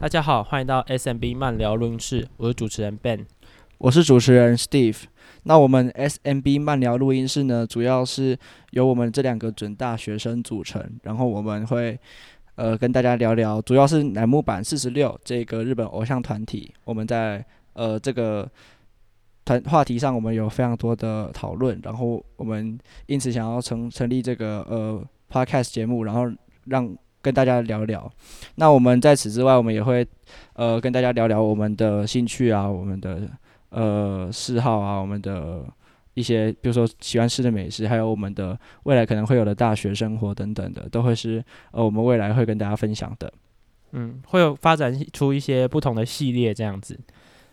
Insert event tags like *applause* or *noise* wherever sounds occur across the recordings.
大家好，歡迎到 SMB 漫聊錄音室。我是主持人 Ben。我是主持人 Steve。那我們 SMB 漫聊錄音室呢，主要是由我們這兩個準大學生組成。然後我們會呃跟大家聊聊，主要是乃木坂46這個日本偶像團體。我們在呃這個團話題上，我們有非常多的討論。然後我們因此想要成成立這個呃 Podcast 節目，然後讓跟大家聊聊，那我們在此之外，我們也會，呃，跟大家聊聊我們的興趣啊，我們的呃嗜好啊，我們的一些，比如說喜歡吃的美食，還有我們的未來可能會有的大學生活等等的，都會是呃我們未來會跟大家分享的。嗯，會有發展出一些不同的系列這樣子。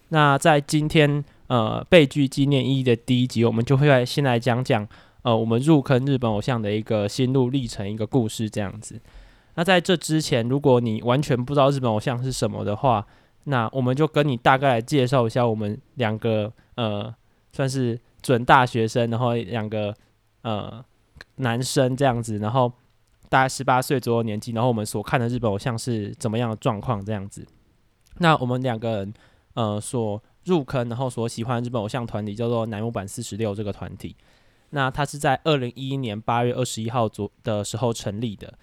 那在今天呃別具紀念意義的第一集，我們就會先來講講呃我們入坑日本偶像的一個心路歷程，一個故事這樣子。那在這之前，如果你完全不知道日本偶像是什麼的話，那我們就跟你大概介紹一下我們兩個呃，算是準大學生，然後兩個呃男生這樣子，然後大概十八歲左右年紀，然後我們所看的日本偶像是怎麼樣的狀況這樣子。那我們兩個人呃，所入坑，然後所喜歡的日本偶像團體叫做乃木坂四十六這個團體。那他是在二零一一年八月二十一號左的時候成立的。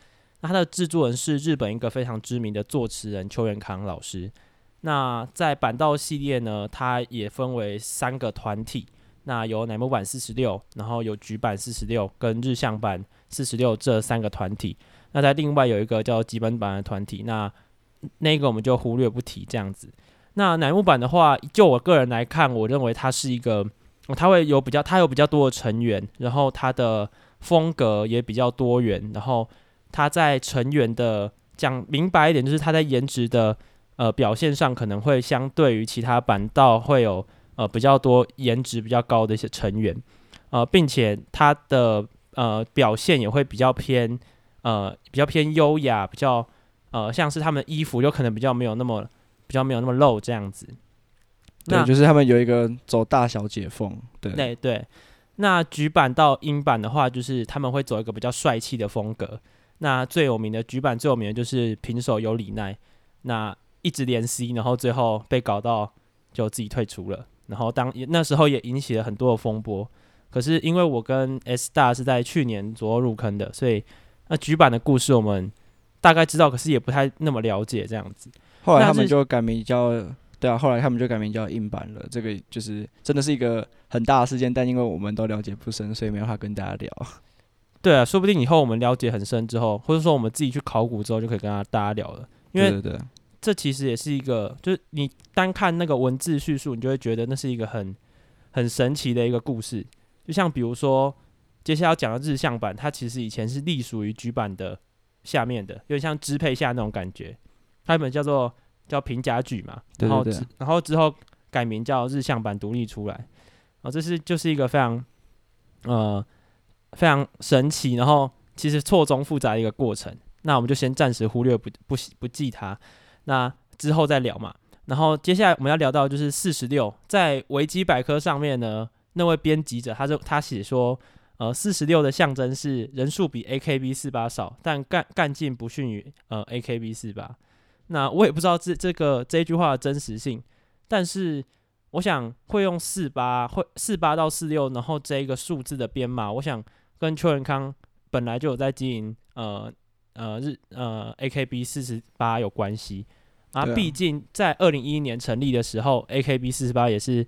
它的製作人是日本一個非常知名的作詞人秋元康老師。那在坂道系列呢，它也分為三個團體，那有乃木坂四十六，然後有欅坂四十六跟日向坂四十六這三個團體。那在另外有一個叫吉本坂的團體，那那個我們就忽略不提這樣子。那乃木坂的話，就我個人來看，我認為它是一個，它會有比較，它有比較多的成員，然後它的風格也比較多元，然後。他在成員的講明白一點，就是他在顏值的呃表現上，可能會相對於其他坂道會有呃比較多顏值比較高的一些成員，呃，並且他的呃表現也會比較偏呃比較偏優雅，比較呃像是他們衣服有可能比較沒有那麼比較沒有那麼露這樣子。對，那就是他們有一個走大小姐風。對對，對。那欅坂到櫻坂的話，就是他們會走一個比較帥氣的風格。那最有名的欅坂最有名的就是平手友梨奈，那一直連 C，然後最後被搞到就自己退出了，然後當也那時候也引起了很多的風波。可是因為我跟 S 大是在去年左右入坑的，所以那欅坂的故事我們大概知道，可是也不太那麼了解這樣子。後來他們就改名叫，是對啊，後來他們就改名叫櫻坂了。這個就是真的是一個很大的事件，但因為我們都了解不深，所以沒有話跟大家聊。對啊，說不定以後我們了解很深之後，或者說我們自己去考古之後，就可以跟他大家聊了。因為這其實也是一個，就是你單看那個文字敘述，你就會覺得那是一個很很神奇的一個故事。就像比如說，接下來要講的日向坂，它其實以前是隸屬於欅坂的下面的，有點像支配下那種感覺。它原本叫做叫平假欅嘛，然後對對對、啊、然後之後改名叫日向坂獨立出來。啊，這是就是一個非常呃。非常神奇，然後其實錯綜複雜的一個過程，那我們就先暫時忽略不不不記它，那之後再聊嘛。然後接下來我們要聊到就是四十六，在維基百科上面呢，那位編輯者他就他寫說，呃，四十六的象徵是人數比 A K B 四八少，但幹幹勁不遜於呃 A K B 四八。那我也不知道這這個這一句話的真實性，但是我想會用四八會四八到四六，然後這一個數字的編碼，我想。跟秋元康本來就有在經營，呃呃日呃 A K B 四十八有關係。啊，啊畢竟在二零一一年成立的時候，A K B 四十八也是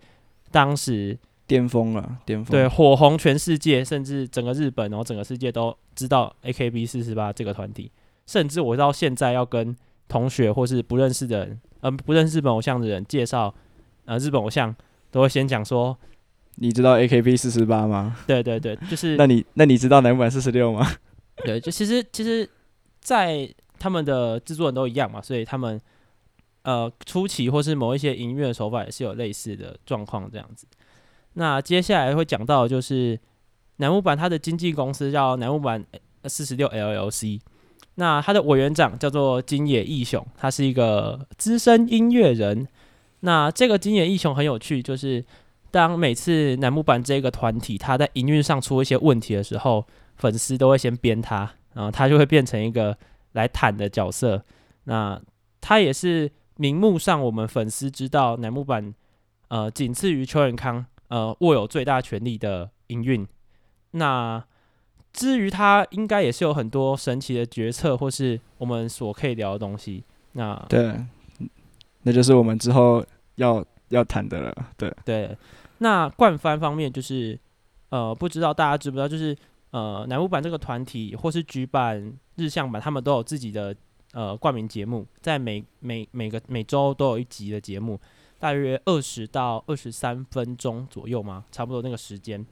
當時巔峰了，巔峰。對，火紅全世界，甚至整個日本，然後整個世界都知道 A K B 四十八這個團體。甚至我到現在要跟同學或是不認識的人，嗯、呃，不認識日本偶像的人介紹，呃，日本偶像都會先講說。你知道 AKB 四十八嗎？對對對，就是。 *laughs* 那你那你知道乃木坂四十六嗎？對，就其實其實，在他們的製作人都一樣嘛，所以他們呃初期或是某一些音樂手法也是有類似的狀況這樣子。那接下來會講到就是乃木坂他的經紀公司叫乃木坂四十六 LLC，那他的委員長叫做金野義雄，他是一個資深音樂人。那這個金野義雄很有趣，就是。當每次乃木坂這個團體他在營運上出一些問題的時候，粉絲都會先編他，然後他就會變成一個來談的角色。那他也是名目上我們粉絲知道乃木坂呃，僅次於秋元康，呃，握有最大權力的營運。那至於他應該也是有很多神奇的決策或是我們所可以聊的東西。那對，那就是我們之後要要談的了。對對。那冠番方面就是，呃，不知道大家知不知道，就是呃，乃木坂這個團體或是欅坂、日向坂，他們都有自己的呃冠名節目，在每每每個每周都有一集的節目，大約二十到二十三分鐘左右嘛，差不多那個時間。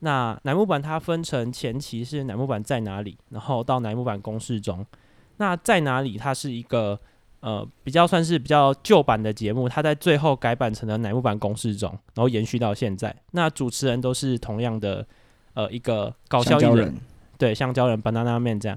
那乃木坂它分成前期是乃木坂在哪裡，然後到乃木坂工事中，那在哪裡它是一個。呃，比較算是比較舊版的節目，它在最後改版成了乃木坂工事中，然後延續到現在。那主持人都是同樣的，呃，一個搞笑藝人，人對，香蕉人 Banana Man 這樣。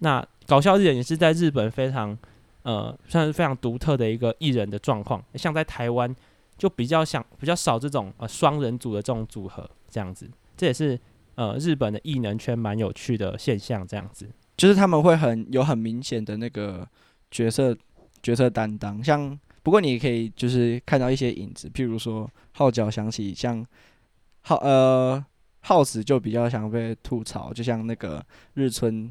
那搞笑藝人也是在日本非常呃，算是非常獨特的一個藝人的狀況，呃。像在台灣就比較像比較少這種呃雙人組的這種組合這樣子。這也是呃日本的藝能圈蠻有趣的現象這樣子。就是他們會很有很明顯的那個角色。角色擔當，像不過你可以就是看到一些影子，譬如說浩角翔起像，像浩呃浩子就比較想被吐槽，就像那個日村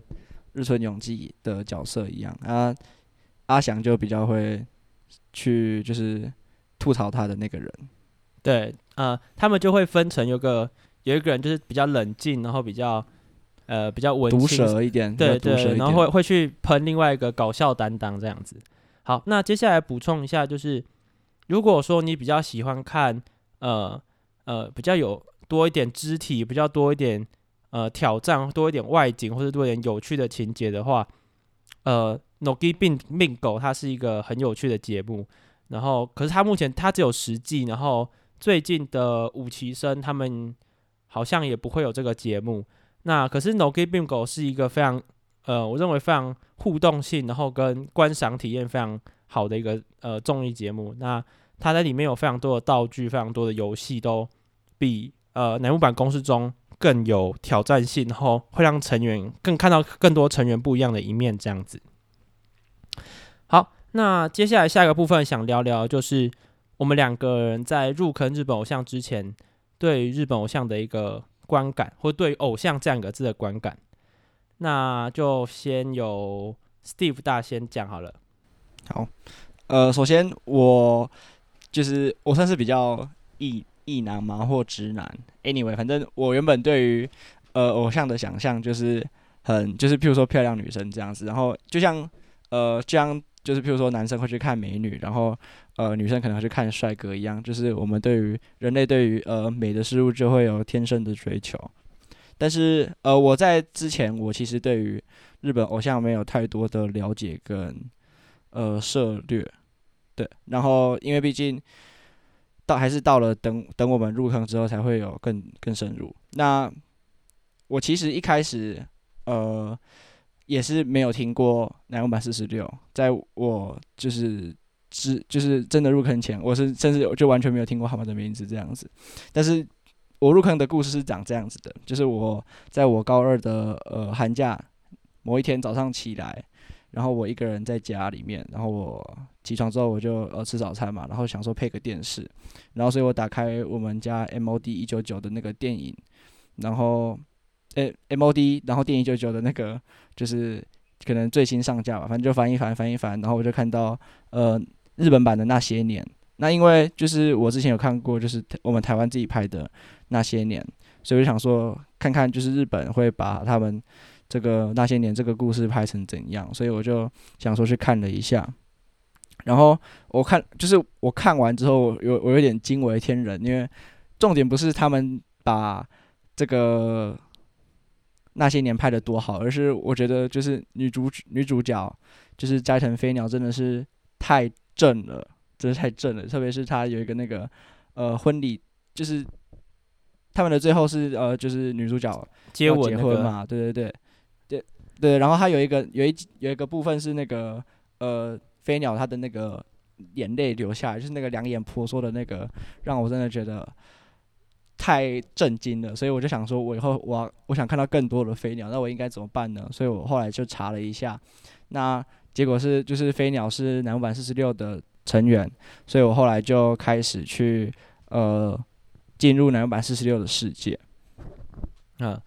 日村勇紀的角色一樣，啊，阿翔就比較會去就是吐槽他的那個人。對，啊、呃，他們就會分成有個有一個人就是比較冷靜，然後比較呃比較毒舌一點，對，對，對毒舌一點，然後會會去噴另外一個搞笑擔當這樣子。好，那接下來補充一下，就是如果說你比較喜歡看，呃呃，比較有多一點肢體，比較多一點呃挑戰，多一點外景，或者多一點有趣的情節的話，呃，NOGIBINGO 它是一個很有趣的節目。然後，可是它目前它只有十季，然後最近的五期生他們好像也不會有這個節目。那可是 NOGIBINGO 是一個非常。呃，我認為非常互動性，然後跟觀賞體驗非常好的一個呃綜藝節目。那它在裡面有非常多的道具，非常多的遊戲，都比呃乃木坂公司中更有挑戰性，然後會讓成員更看到更多成員不一樣的一面。這樣子。好，那接下來下一個部分想聊聊，就是我們兩個人在入坑日本偶像之前，對日本偶像的一個觀感，或對偶像這兩個字的觀感。那就先由 Steve 大先講好了。好，呃，首先我就是我算是比較異異男嘛，或直男。Anyway，反正我原本對於呃偶像的想象就是很，就是譬如說漂亮女生這樣子，然後就像呃，這樣就是譬如說男生會去看美女，然後呃女生可能會去看帥哥一樣，就是我們對於人類對於呃美的事物就會有天生的追求。但是，呃，我在之前，我其實對於日本偶像沒有太多的了解跟呃涉略，對。然後，因為畢竟到還是到了等等我們入坑之後，才會有更更深入。那我其實一開始，呃，也是沒有聽過《乃木坂46》。在我就是知就是真的入坑前，我是甚至就完全沒有聽過他們的名字這樣子。但是。我入坑的故事是長這樣子的，就是我在我高二的呃寒假某一天早上起來，然後我一個人在家裡面，然後我起床之後我就呃吃早餐嘛，然後想說配個電視，然後所以我打開我們家 MOD 一九九的那個電影，然後誒、欸、MOD 然後電影一九九的那個就是可能最新上架吧，反正就翻一翻翻一翻，然後我就看到呃日本版的那些年，那因為就是我之前有看過，就是我們台灣自己拍的。那些年，所以我想說，看看就是日本會把他們這個那些年這個故事拍成怎樣，所以我就想說去看了一下。然後我看，就是我看完之後有，有我有點驚為天人，因為重點不是他們把這個那些年拍得多好，而是我覺得就是女主女主角就是齋藤飛鳥真的是太正了，真的太正了，特別是她有一個那個呃婚禮就是。他們的最後是呃，就是女主角接吻結，文、啊、結婚、那個、嘛，對對對，對對，然後他有一個有一有一個部分是那個呃飛鳥他的那個眼淚流下來，就是那個兩眼婆娑的那個，讓我真的覺得太震驚了，所以我就想說我以後我我想看到更多的飛鳥，那我應該怎麼辦呢？所以我後來就查了一下，那結果是就是飛鳥是乃木坂46的成員，所以我後來就開始去呃。進入兩百四十六的世界。嗯、啊，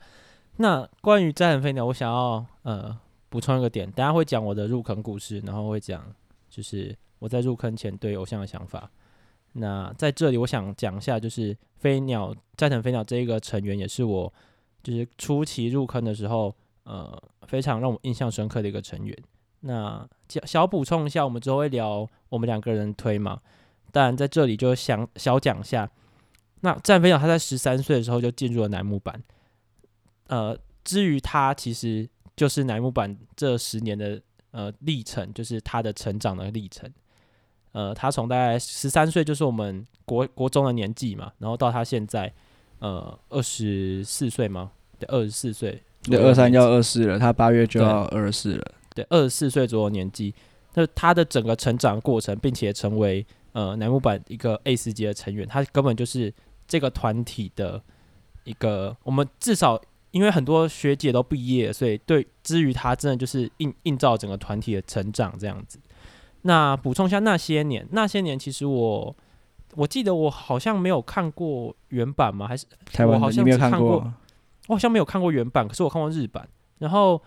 那關於齋藤飛鳥，我想要呃補充一個點。大家會講我的入坑故事，然後會講就是我在入坑前對偶像的想法。那在這裡，我想講一下，就是飛鳥齋藤飛鳥這一個成員也是我就是初期入坑的時候呃非常讓我印象深刻的一個成員。那小補充一下，我們之後會聊我們兩個人推嘛。但在這裡就想小講一下。那齋藤飛鳥，分他在十三歲的時候就進入了乃木坂。呃，至於他其實就是乃木坂這十年的呃歷程，就是他的成長的歷程。呃，他從大概十三歲就是我們國國中的年紀嘛，然後到他現在，呃，二十四歲嗎？對，二十四歲。對，二三要二十四了，他八月就要二十四了。對，二十四歲左右年紀，那他的整個成長過程，並且成為呃乃木坂一個 A 級的成員，他根本就是。這個團體的一個，我們至少因為很多學姐都畢業，所以對之於他真的就是映映照整個團體的成長這樣子。那補充一下，那些年，那些年其實我我記得我好像沒有看過原版嗎？還是台灣？我好像沒有看過，我好像沒有看過原版，可是我看過日版。然後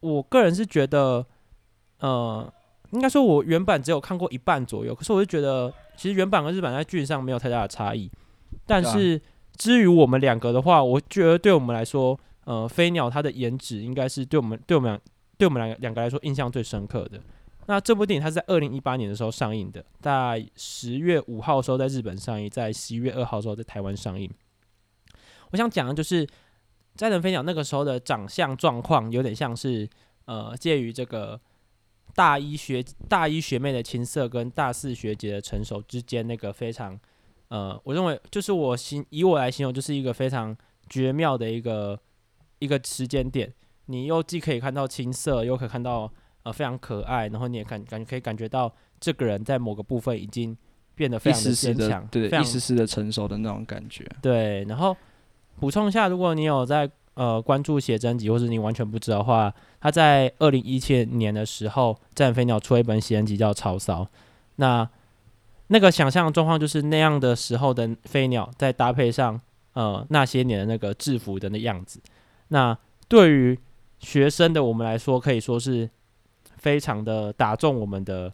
我個人是覺得，呃，應該說我原版只有看過一半左右，可是我就覺得其實原版和日版在劇上沒有太大的差異。但是，至、啊、於我們兩個的話，我覺得對我們來說，呃，飛鳥它的顏值應該是對我們、對我們兩、對我們兩兩個來說印象最深刻的。那這部電影它是在二零一八年的時候上映的，在十月五號的時候在日本上映，在十一月二號的時候在台灣上映。我想講的就是，齋藤飛鳥那個時候的長相狀況有點像是，呃，介於這個大一學大一學妹的青澀跟大四學姐的成熟之間那個非常。呃，我認為就是我形以我來形容，就是一個非常絕妙的一個一個時間點。你又既可以看到青澀，又可以看到呃非常可愛，然後你也感感覺可以感覺到這個人在某個部分已經變得非常的堅強，對，非常一絲絲的成熟的那種感覺。對，然後補充一下，如果你有在呃關注寫真集，或是你完全不知道的話，他在二零一七年的時候，齋飛鳥出了一本寫真集叫《潮騷》，那。那個想象的狀況就是那樣的時候的飛鳥，再搭配上呃那些年的那個制服的那樣子，那對於學生的我們來說，可以說是非常的打中我們的，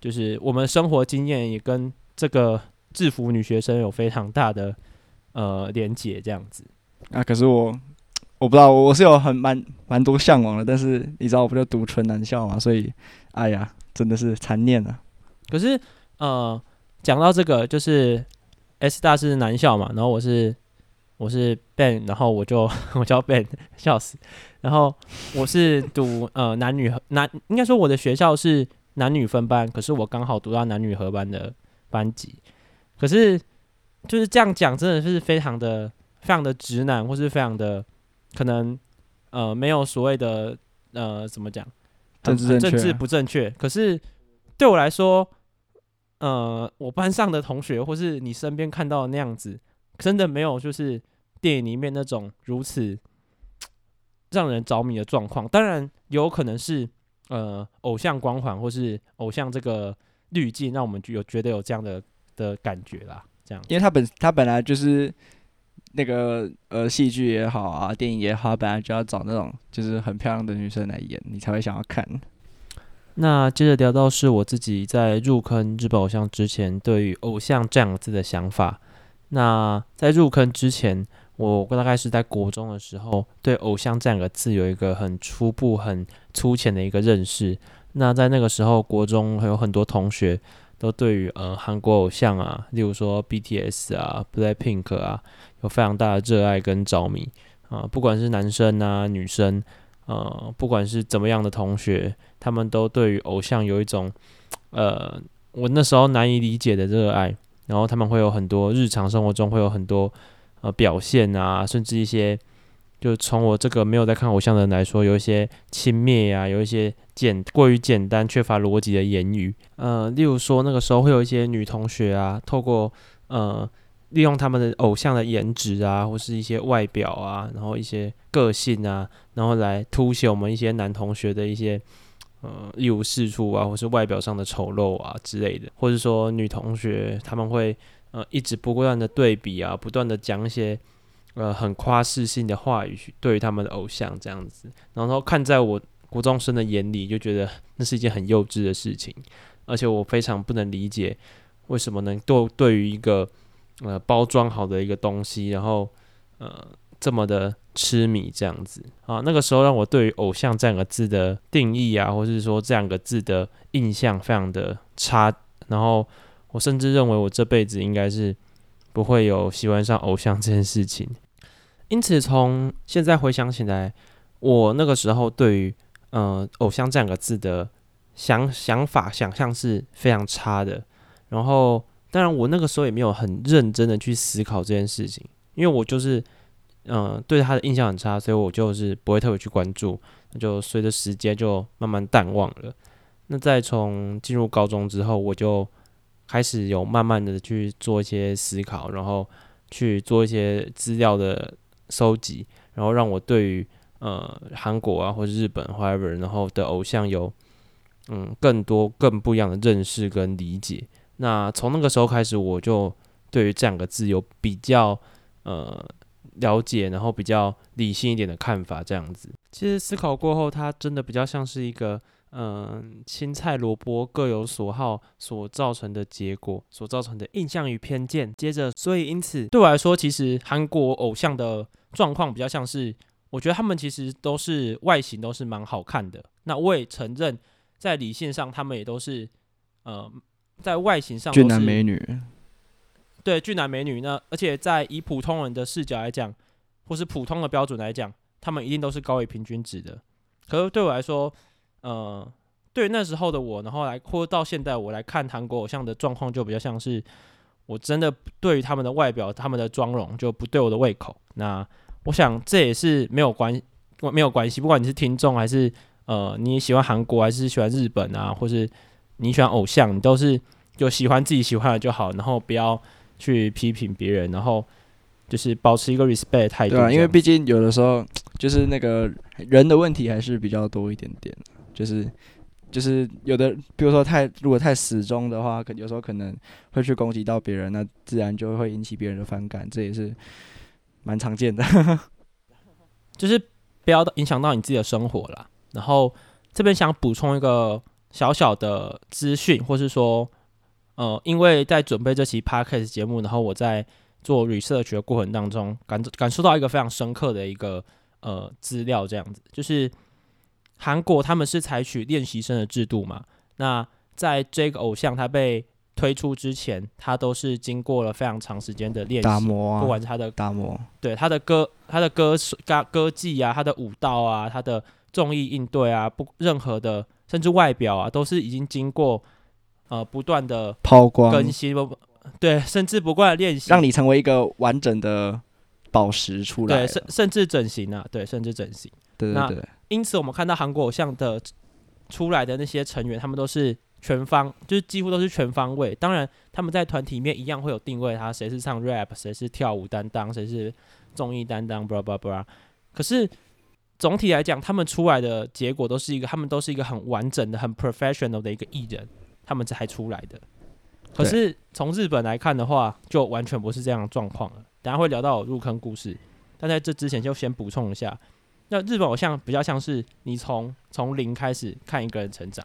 就是我們生活經驗也跟這個制服女學生有非常大的呃連結，這樣子。啊，可是我我不知道，我是有很蠻蠻多向往的，但是你知道我不就讀純男校嘛，所以哎呀，真的是殘念啊。可是呃。講到這個，就是 S 大是男校嘛，然後我是我是 Ben，然後我就我叫 Ben，笑死，然後我是讀 *laughs* 呃男女合，男應該說我的學校是男女分班，可是我剛好讀到男女合班的班級，可是就是這樣講，真的是非常的非常的直男，或是非常的可能呃沒有所謂的呃怎麼講政治、嗯、政治不正確，可是對我來說。呃，我班上的同學，或是你身邊看到的那樣子，真的沒有就是電影裡面那種如此讓人着迷的狀況。當然，有可能是呃偶像光環或是偶像這個濾鏡，讓我們有覺得有這樣的的感覺啦。這樣，因為他本他本來就是那個呃戲劇也好啊，電影也好，本來就要找那種就是很漂亮的女生來演，你才會想要看。那接着聊到是我自己在入坑日本偶像之前，對於偶像這兩個字的想法。那在入坑之前，我大概是在國中的時候，對偶像這兩個字有一個很初步、很粗淺的一個認識。那在那個時候，國中還有很多同學都對於呃韓國偶像啊，例如說 BTS 啊、BLACKPINK 啊，有非常大的熱愛跟着迷啊、呃，不管是男生啊、女生，呃，不管是怎麼樣的同學。他們都對於偶像有一種，呃，我那時候難以理解的熱愛。然後他們會有很多日常生活中會有很多呃表現啊，甚至一些，就從我這個沒有在看偶像的人來說，有一些輕蔑呀、啊，有一些簡過於簡單、缺乏邏輯的言語。呃，例如說那個時候會有一些女同學啊，透過呃利用他們的偶像的顏值啊，或是一些外表啊，然後一些個性啊，然後來凸顯我們一些男同學的一些。呃，一無是處啊，或是外表上的醜陋啊之類的，或者說女同學他們會呃一直不斷的對比啊，不斷的講一些呃很誇飾性的話語對於他們的偶像這樣子，然後看在我國中生的眼裡就覺得那是一件很幼稚的事情，而且我非常不能理解為什麼能對對於一個呃包裝好的一個東西，然後呃這麼的。痴迷這樣子啊，那個時候讓我對於“偶像”這兩個字的定義啊，或者是說這兩個字的印象非常的差。然後我甚至認為我這輩子應該是不會有喜歡上偶像這件事情。因此，從現在回想起來，我那個時候對於嗯、呃、“偶像”這兩個字的想想法、想象是非常差的。然後，當然我那個時候也沒有很認真的去思考這件事情，因為我就是。嗯，對他的印象很差，所以我就是不會特別去關注，那就隨着時間就慢慢淡忘了。那在從進入高中之後，我就開始有慢慢的去做一些思考，然後去做一些資料的收集，然後讓我對於呃韓國啊或者日本，或者然後的偶像有嗯更多更不一樣的認識跟理解。那從那個時候開始，我就對於這兩個字有比較呃。了解，然後比較理性一點的看法，這樣子。其實思考過後，它真的比較像是一個，嗯、呃，青菜蘿蔔各有所好所造成的結果，所造成的印象與偏見。接着，所以因此，對我來說，其實韓國偶像的狀況比較像是，我覺得他們其實都是外形都是蠻好看的。那我也承認，在理性上，他們也都是，呃，在外形上，俊男美女。對，俊男美女，那而且在以普通人的視角來講，或是普通的標準來講，他們一定都是高於平均值的。可是對我來說，呃，對於那時候的我，然後來擴到現在，我來看韓國偶像的狀況，就比較像是，我真的對於他們的外表、他們的妝容就不對我的胃口。那我想這也是沒有關沒有關係，不管你是聽眾還是呃你喜歡韓國還是喜歡日本啊，或是你喜歡偶像，你都是就喜歡自己喜歡的就好，然後不要。去批評別人，然後就是保持一個 respect 態度。對啊，因為畢竟有的時候就是那個人的問題還是比較多一點點，就是就是有的，比如說太如果太死忠的話，可能有時候可能會去攻擊到別人，那自然就會引起別人的反感，這也是蠻常見的。 *laughs* 就是不要影響到你自己的生活啦。然後這邊想補充一個小小的資訊，或是說。呃，因為在準備這期 podcast 節目，然後我在做 research 的過程當中，感感受到一個非常深刻的一個呃資料，這樣子，就是韓國他們是採取練習生的制度嘛。那在這個偶像他被推出之前，他都是經過了非常長時間的練習、打磨啊，不管是他的打磨、打磨，對他的歌、他的歌、歌技啊，他的舞蹈啊，他的綜藝應對啊，不任何的，甚至外表啊，都是已經經過。呃，不斷的拋光、更新，不，對，甚至不斷的練習，讓你成為一個完整的寶石出來。對，甚甚至整形啊，對，甚至整形。對對對。那因此，我們看到韓國偶像的出來的那些成員，他們都是全方，就是幾乎都是全方位。當然，他們在團體裡面一樣會有定位他，他誰是唱 rap，誰是跳舞擔當，誰是綜藝擔當，巴拉巴拉。可是總體來講，他們出來的結果都是一個，他們都是一個很完整的、很 professional 的一個藝人。他們才出來的，可是從日本來看的話，就完全不是這樣的狀況了。等下會聊到我入坑故事，但在這之前就先補充一下，那日本偶像比較像是你從從零開始看一個人成長，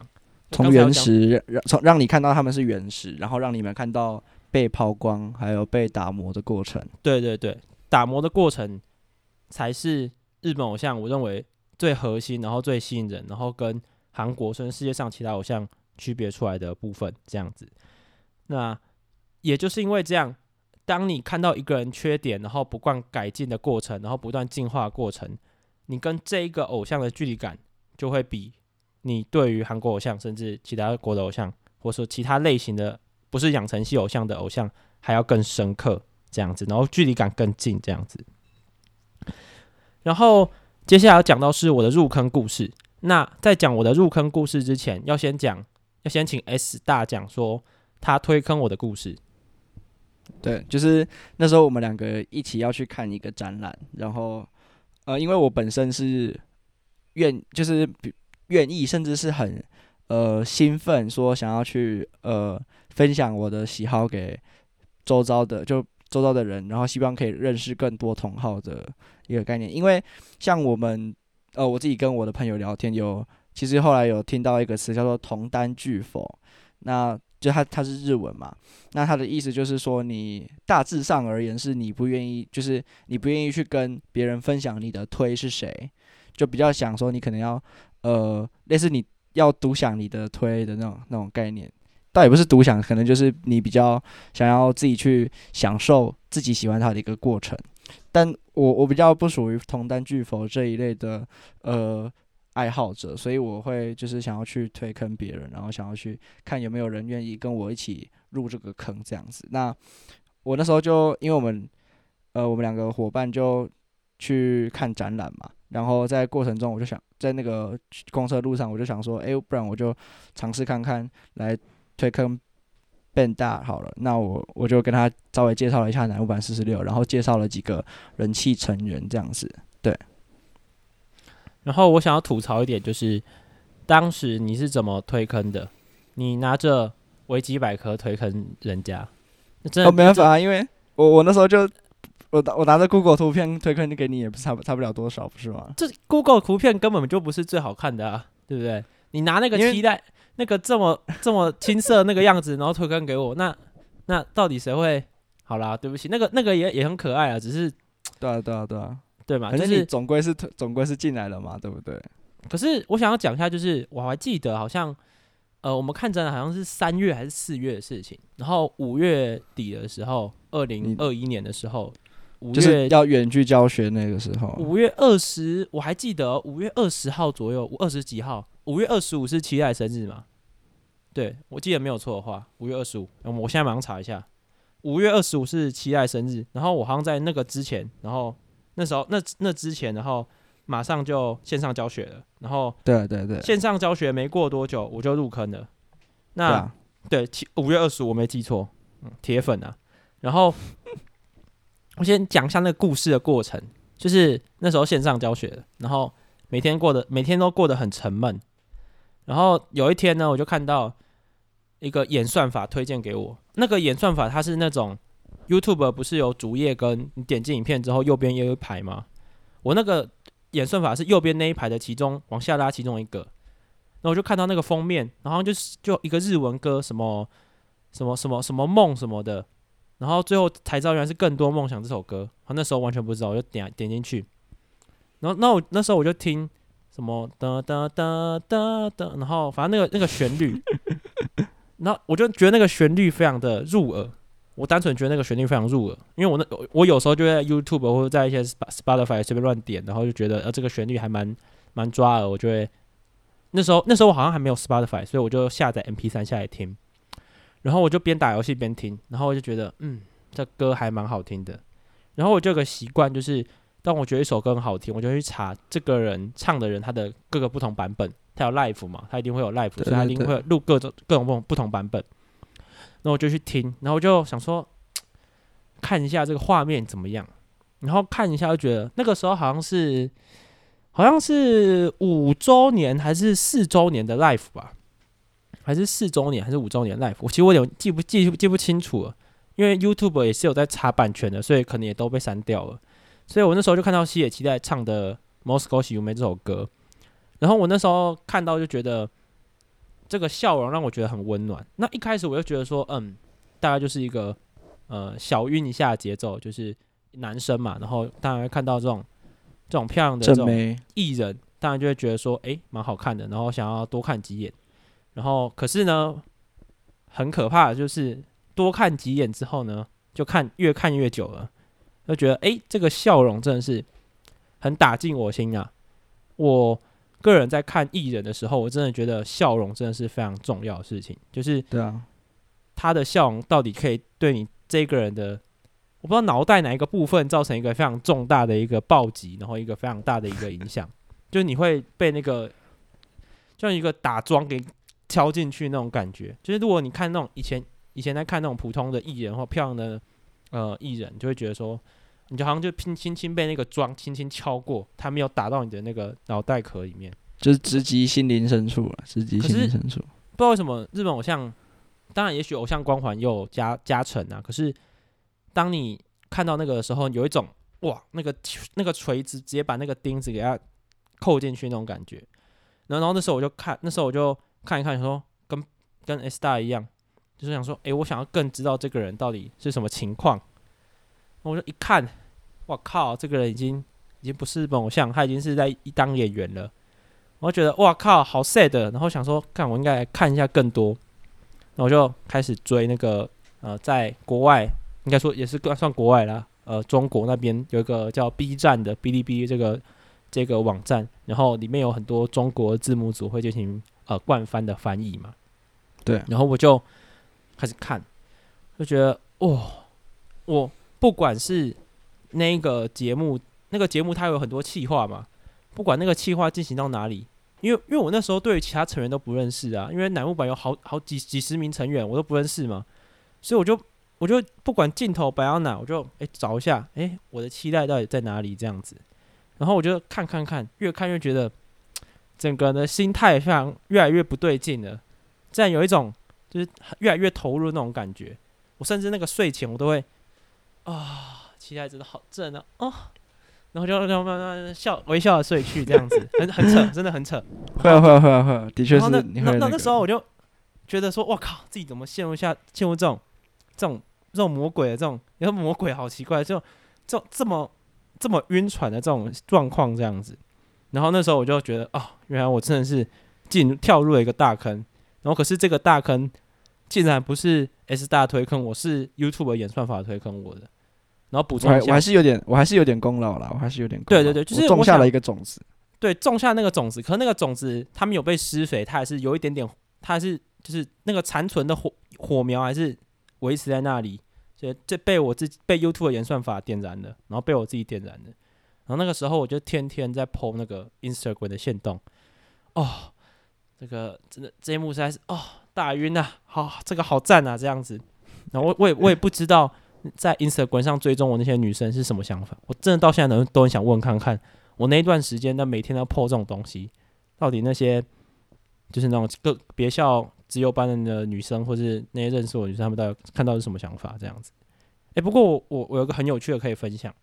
從原石讓從讓你看到他們是原石，然後讓你們看到被拋光還有被打磨的過程。對對對，打磨的過程才是日本偶像，我認為最核心，然後最吸引人，然後跟韓國甚至世界上其他偶像。區別出來的部分，這樣子。那也就是因為這樣，當你看到一個人缺點，然後不斷改進的過程，然後不斷進化的過程，你跟這一個偶像的距離感就會比你對於韓國偶像，甚至其他國家的偶像，或者說其他類型的不是養成系偶像的偶像，還要更深刻，這樣子，然後距離感更近，這樣子。然後接下來要講到是我的入坑故事。那在講我的入坑故事之前，要先講。要先請 S 大講說他推坑我的故事。對，就是那時候我們兩個一起要去看一個展覽，然後呃，因為我本身是願就是願意，甚至是很呃興奮，說想要去呃分享我的喜好給周遭的，就周遭的人，然後希望可以認識更多同好的一個概念。因為像我們呃，我自己跟我的朋友聊天有。其實後來有聽到一個詞叫做“同單拒否”，那就它它是日文嘛，那它的意思就是說，你大致上而言是你不願意，就是你不願意去跟別人分享你的推是誰，就比較想說你可能要呃類似你要獨享你的推的那種那種概念，倒也不是獨享，可能就是你比較想要自己去享受自己喜歡它的一個過程，但我我比較不屬於同單拒否這一類的呃。愛好者，所以我會就是想要去推坑別人，然後想要去看有沒有人願意跟我一起入這個坑這樣子。那我那時候就因為我們，呃，我們兩個夥伴就去看展覽嘛，然後在過程中我就想，在那個公車路上我就想說，哎、欸，不然我就嘗試看看來推坑 Ben 大好了。那我我就跟他稍微介紹了一下乃木坂46，然後介紹了幾個人氣成員這樣子。然後我想要吐槽一點，就是當時你是怎麼推坑的？你拿着維基百科推坑人家，那真的、哦、沒辦法啊，就因為我我那時候就我我拿着 Google 圖片推坑，給你也差不差不了多少，不是嗎？這 Google 圖片根本就不是最好看的、啊，對不對？你拿那個期待為那個這麼這麼青澀那個樣子，然後推坑給我，那那到底誰會？好啦，對不起，那個那個也也很可愛啊，只是對啊對啊對啊。對啊對啊對嘛？就是、可是你總歸是總歸是進來了嘛，對不對？可是我想要講一下，就是我還記得好像，呃，我們看着好像是三月還是四月的事情。然後五月底的時候，二零二一年的時候，五月就是要遠距教學那個時候，五月二十，我還記得五月二十號左右，五二十幾號，五月二十五是期待生日嘛？對，我記得沒有錯的話，五月二十五，我我現在馬上查一下，五月二十五是期待生日。然後我好像在那個之前，然後。那時候，那那之前，然後馬上就線上教學了，然後對對對，線上教學沒過多久，我就入坑了。那對、啊、對，五月二十五，我沒記錯，嗯，鐵粉啊。然後 *laughs* 我先講一下那個故事的過程，就是那時候線上教學了，然後每天過得，每天都過得很沉悶。然後有一天呢，我就看到一個演算法推薦給我，那個演算法它是那種。YouTube 不是有主頁，跟你點進影片之後，右邊有一排嗎？我那個演算法是右邊那一排的其中往下拉其中一個，那我就看到那個封面，然後就是就一個日文歌，什麼什麼什麼什麼夢什麼的，然後最後才知道，原來是《更多夢想》這首歌，啊，我那時候完全不知道，我就點、啊、點進去，然後那我那時候我就聽什麼噠噠噠噠噠，然後反正那個那個旋律，然後我就覺得那個旋律非常的入耳。我單純覺得那個旋律非常入耳，因為我那我有時候就會在 YouTube 或者在一些 Spotify Sp 隨便亂點，然後就覺得呃這個旋律還蠻蠻抓耳，我就會那時候那時候我好像還沒有 Spotify，所以我就下載 MP 三下來聽，然後我就邊打遊戲邊聽，然後我就覺得嗯這歌還蠻好聽的，然後我就有個習慣，就是當我覺得一首歌很好聽，我就去查這個人唱的人他的各個不同版本，他有 Live 嘛，他一定會有 Live，對對對，所以他一定會錄各種各種不不同版本。然後我就去聽，然後我就想說，看一下這個畫面怎麼樣，然後看一下就覺得那個時候好像是，好像是五周年還是四周年的 live 吧，還是四周年還是五周年 live？我其實我有點記不記不記，不記不清楚了，因為 YouTube 也是有在查版權的，所以可能也都被刪掉了。所以我那時候就看到西野七瀨唱的《モスコミュール》這首歌，然後我那時候看到就覺得。這個笑容讓我覺得很溫暖。那一開始我就覺得說，嗯，大概就是一個呃小暈一下的節奏，就是男生嘛。然後當然會看到這種這種漂亮的這種藝人，當然就會覺得說，誒、欸，蠻好看的。然後想要多看幾眼。然後可是呢，很可怕的就是多看幾眼之後呢，就看越看越久了，就覺得誒、欸，這個笑容真的是很打進我心啊，我。個人在看藝人的時候，我真的覺得笑容真的是非常重要的事情。就是，對啊，他的笑容到底可以對你這個人的，我不知道腦袋哪一個部分造成一個非常重大的一個暴擊，然後一個非常大的一個影響， *laughs* 就是你會被那個，像一個打樁給敲進去那種感覺。就是如果你看那種以前以前在看那種普通的藝人或漂亮的呃藝人，就會覺得說。你就好像就拼，輕輕被那個樁輕輕敲過，它沒有打到你的那個腦袋殼裡面，就是直擊心靈深處啊，直擊心靈深處。不知道為什麼日本偶像，當然也許偶像光環又有加加成啊。可是當你看到那個的時候，有一種哇，那個那個錘子直接把那個釘子給它扣進去那種感覺。然後然後那時候我就看，那時候我就看一看，說跟跟 S 大一樣，就是想說，誒，我想要更知道這個人到底是什麼情況。我就一看，我靠，這個人已經已經不是偶像，他已經是在一當演員了。我就覺得，哇靠，好 sad。然後想說，看我應該來看一下更多。那我就開始追那個呃，在國外應該說也是、啊、算國外啦。呃，中國那邊有一個叫 B 站的嗶哩嗶哩這個這個網站，然後裡面有很多中國字幕組會進行呃灌翻的翻譯嘛。對。對然後我就開始看，就覺得哇、哦，我。不管是那個節目，那個節目它有很多企劃嘛，不管那個企劃進行到哪裡，因為因為我那時候對於其他成員都不認識啊，因為乃木坂有好好幾幾十名成員，我都不認識嘛，所以我就我就不管鏡頭擺到哪，我就哎、欸、找一下，哎、欸、我的期待到底在哪裡這樣子，然後我就看看看，越看越覺得整個人的心態上越來越不對勁了，這樣有一種就是越來越投入那種感覺，我甚至那個睡前我都會。啊、哦，期待值都好正呢、啊、哦，然後就慢慢慢笑微笑的睡去，這樣子 *laughs* 很很扯，真的很扯， *laughs* 後 *laughs* 會啊會啊會啊會啊，的確是。那那那時候我就覺得說，我靠，自己怎麼陷入下陷入這種這種這種魔鬼的這種，你說魔鬼好奇怪，就這種這麼這麼暈船的這種狀況這樣子。然後那時候我就覺得，哦，原來我真的是進跳入了一個大坑。然後可是這個大坑竟然不是 S 大推坑，我是 YouTube 演算法的推坑我的。然後補充，我還，我還是有點，我還是有點功勞了，我還是有點功勞。對對對，就是種下了一個種子，對，種下那個種子。可是那個種子，它沒有被施肥，它還是有一點點，它還是就是那個殘存的火火苗，還是維持在那裡。所以這被我自己被 YouTube 的演算法，點燃了，然後被我自己點燃了。然後那個時候，我就天天在 PO 那個 Instagram 的限動，哦，那、這個真的這一幕實在是哦，大暈啊，好、哦，這個好讚啊，這樣子。然後我我也我也不知道。 *laughs* 在 Instagram 上追蹤我那些女生是什麼想法？我真的到現在能都很想問看看，我那一段時間那每天都要 po 這種東西，到底那些就是那種個別校資優班的女生，或是那些認識我的女生，她們大概看到是什麼想法？這樣子。誒、欸。不過我我有一個很有趣的可以分享，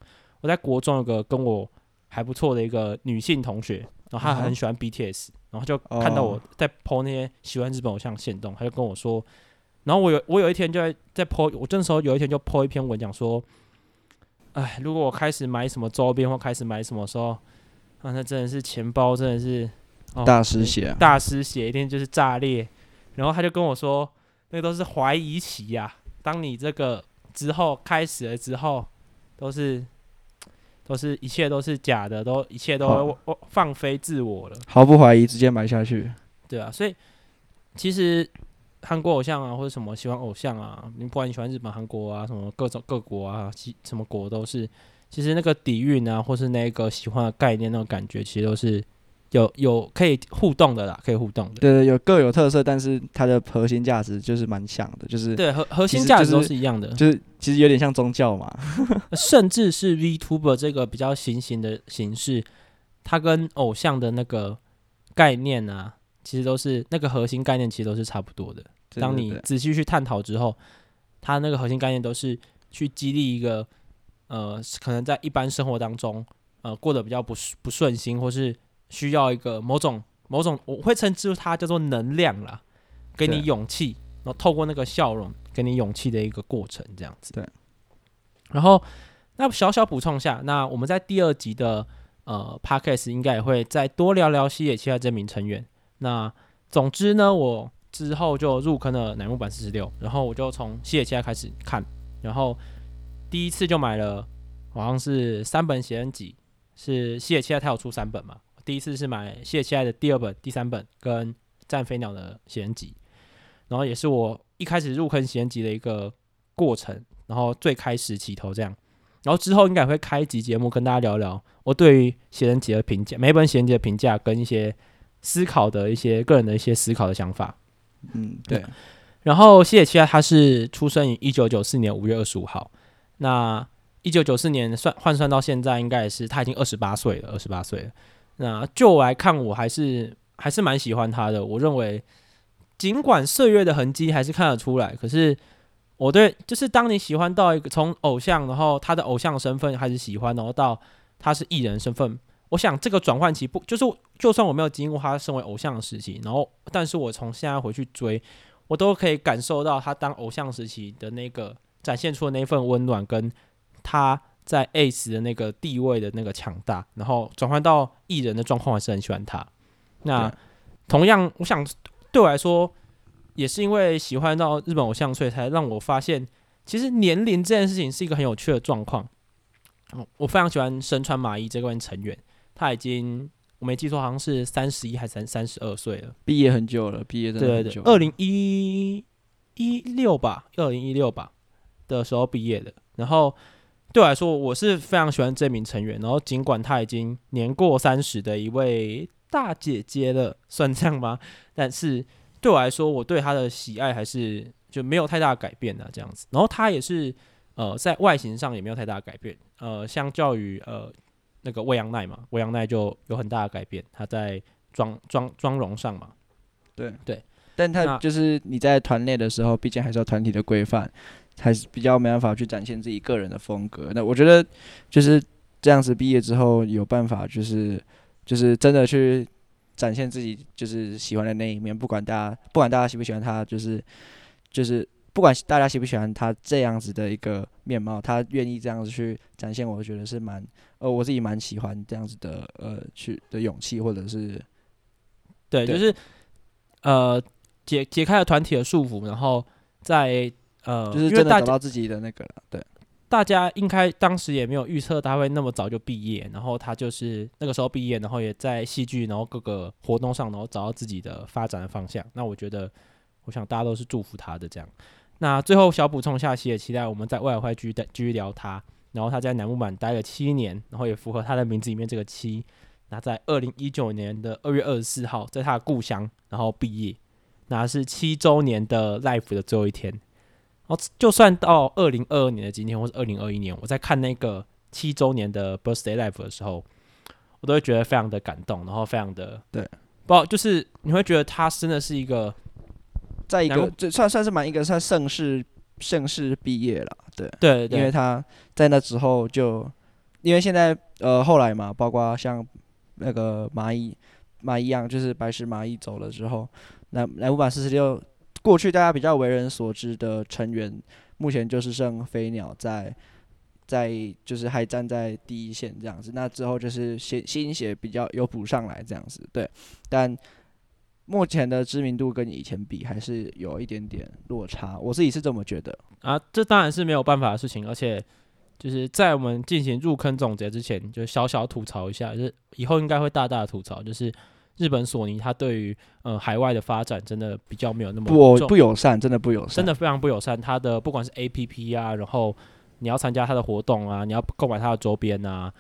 我在國中有一個跟我還不錯的一個女性同學，然後她很喜歡 BTS，然後他就看到我在 po 那些喜歡日本偶像的限動，她就跟我說。然後我有我有一天就在在 po，我這時候有一天就 po 一篇文講說，哎，如果我開始買什麼周邊或開始買什麼時候，啊，那真的是錢包真的是，哦，大失血，啊嗯，大失血一定就是炸裂。然後他就跟我說，那個，都是懷疑期呀，啊。當你這個之後開始了之後，都是都是一切都是假的，都一切都，哦，放飛自我了，毫不懷疑直接買下去。對啊，所以其實。韓國偶像啊，或者什麼喜歡偶像啊，你不管你喜歡日本、韓國啊，什麼各種各國啊，什麼國都是，其實那個底蘊啊，或是那個喜歡的概念，那種、個、感覺，其實都是有有可以互動的啦，可以互動的。對對，有各有特色，但是它的核心價值就是蠻像的，就是對核核心價值都是一樣的，就是、就是、其實有點像宗教嘛。 *laughs* 甚至是 VTuber 這個比較新型、型的形式，它跟偶像的那個概念啊，其實都是那個核心概念，其實都是差不多的。當你仔細去探討之後，它那個核心概念都是去激勵一個，呃，可能在一般生活當中，呃，過得比較不不順心，或是需要一個某種某種，我會稱之為它叫做能量啦，給你勇氣，對然後透過那個笑容給你勇氣的一個過程，這樣子。對。然後，那小小補充一下，那我們在第二集的呃 Podcast 應該也會再多聊聊西野七瀨這名成員。那總之呢，我。之後就入坑了乃木坂四十六，然後我就從西野七瀨開始看，然後第一次就買了，好像是三本寫真集，是西野七瀨他有出三本嘛，第一次是買西野七瀨的第二本、第三本跟齋藤飛鳥的寫真集，然後也是我一開始入坑寫真集的一個過程，然後最開始起頭這樣，然後之後應該會開一集節目跟大家聊聊我對寫真集的評價，每一本寫真集的評價跟一些思考的一些個人的一些思考的想法。嗯，對。嗯、然後西野七瀨，他是出生於一九九四年五月二十五號。那一九九四年算換算到現在，應該也是他已經二十八歲了。二十八歲了，那就來看我還是還是蠻喜歡他的。我認為，儘管歲月的痕跡還是看得出來，可是我對就是當你喜歡到一個從偶像，然後他的偶像身份開始喜歡，然後到他是藝人身份。我想這個轉換期不就是，就算我沒有經過他身為偶像的時期，然後，但是我從現在回去追，我都可以感受到他當偶像時期的那個展現出的那份溫暖，跟他在 Ace 的那個地位的那個強大，然後轉換到藝人的狀況，我還是很喜歡他。那，對同樣，我想對我來說也是，因為喜歡到日本偶像，所以才讓我發現，其實年齡這件事情是一個很有趣的狀況。我非常喜歡深川麻衣這關成員。他已經，我沒記錯，好像是三十一還是三三十二歲了，畢業很久了，畢業真的很久。對對對，二零一六吧，二零一六吧的時候畢業的。然後對我來說，我是非常喜歡這名成員。然後儘管他已經年過三十的一位大姐姐了，算這樣嗎？但是對我來說，我對他的喜愛還是就沒有太大改變的、啊、這樣子。然後他也是呃，在外形上也沒有太大改變。呃，相較於呃。那個未央奈嘛，未央奈就有很大的改變，她在妝妝妝容上嘛，對對，對但她就是你在團內的時候，那畢竟還是要團體的規範，還是比較沒辦法去展現自己個人的風格。那我覺得就是這樣子，畢業之後有辦法，就是就是真的去展現自己就是喜歡的那一面，不管大家不管大家喜不喜歡她，就是就是。不管大家喜不喜歡他這樣子的一個面貌，他願意這樣子去展現，我覺得是蠻呃，我自己蠻喜歡這樣子的呃去的勇氣，或者是對，對就是呃解解開了團體的束縛，然後在呃就是真的找到自己的那個對，大家應該當時也沒有預測他會那麼早就畢業，然後他就是那個時候畢業，然後也在戲劇，然後各個活動上，然後找到自己的發展的方向。那我覺得，我想大家都是祝福他的這樣。那最後小補充一下，謝期待我們在未來會繼續繼續聊他。然後他在乃木坂待了七年，然後也符合他的名字裡面這個七。那在二零一九年的二月二十四號，在他的故鄉，然後畢業，那是七週年的 live 的最後一天。然後就算到二零二二年的今天，或是二零二一年，我在看那個七週年的 birthday live 的時候，我都會覺得非常的感動，然後非常的對，不就是你會覺得他真的是一個。在一個，部算算是蠻一個算盛世盛世畢業了，對對，對，對，因為他在那之後就，因為現在呃後來嘛，包括像那個麻衣麻衣一樣，就是白石麻衣走了之後，那乃木坂46，過去大家比較為人所知的成員，目前就是剩飛鳥在在就是還站在第一線這樣子，那之後就是新新血比較有補上來這樣子，對，但。目前的知名度跟你以前比還是有一點點落差，我自己是這麼覺得啊。這當然是沒有辦法的事情，而且就是在我們進行入坑總結之前，就是小小吐槽一下，就是以後應該會大大的吐槽，就是日本索尼它對於呃海外的發展真的比較沒有那麼不不友善，真的不友善，真的非常不友善。它的不管是 APP 啊，然後你要參加它的活動啊，你要購買它的周邊啊，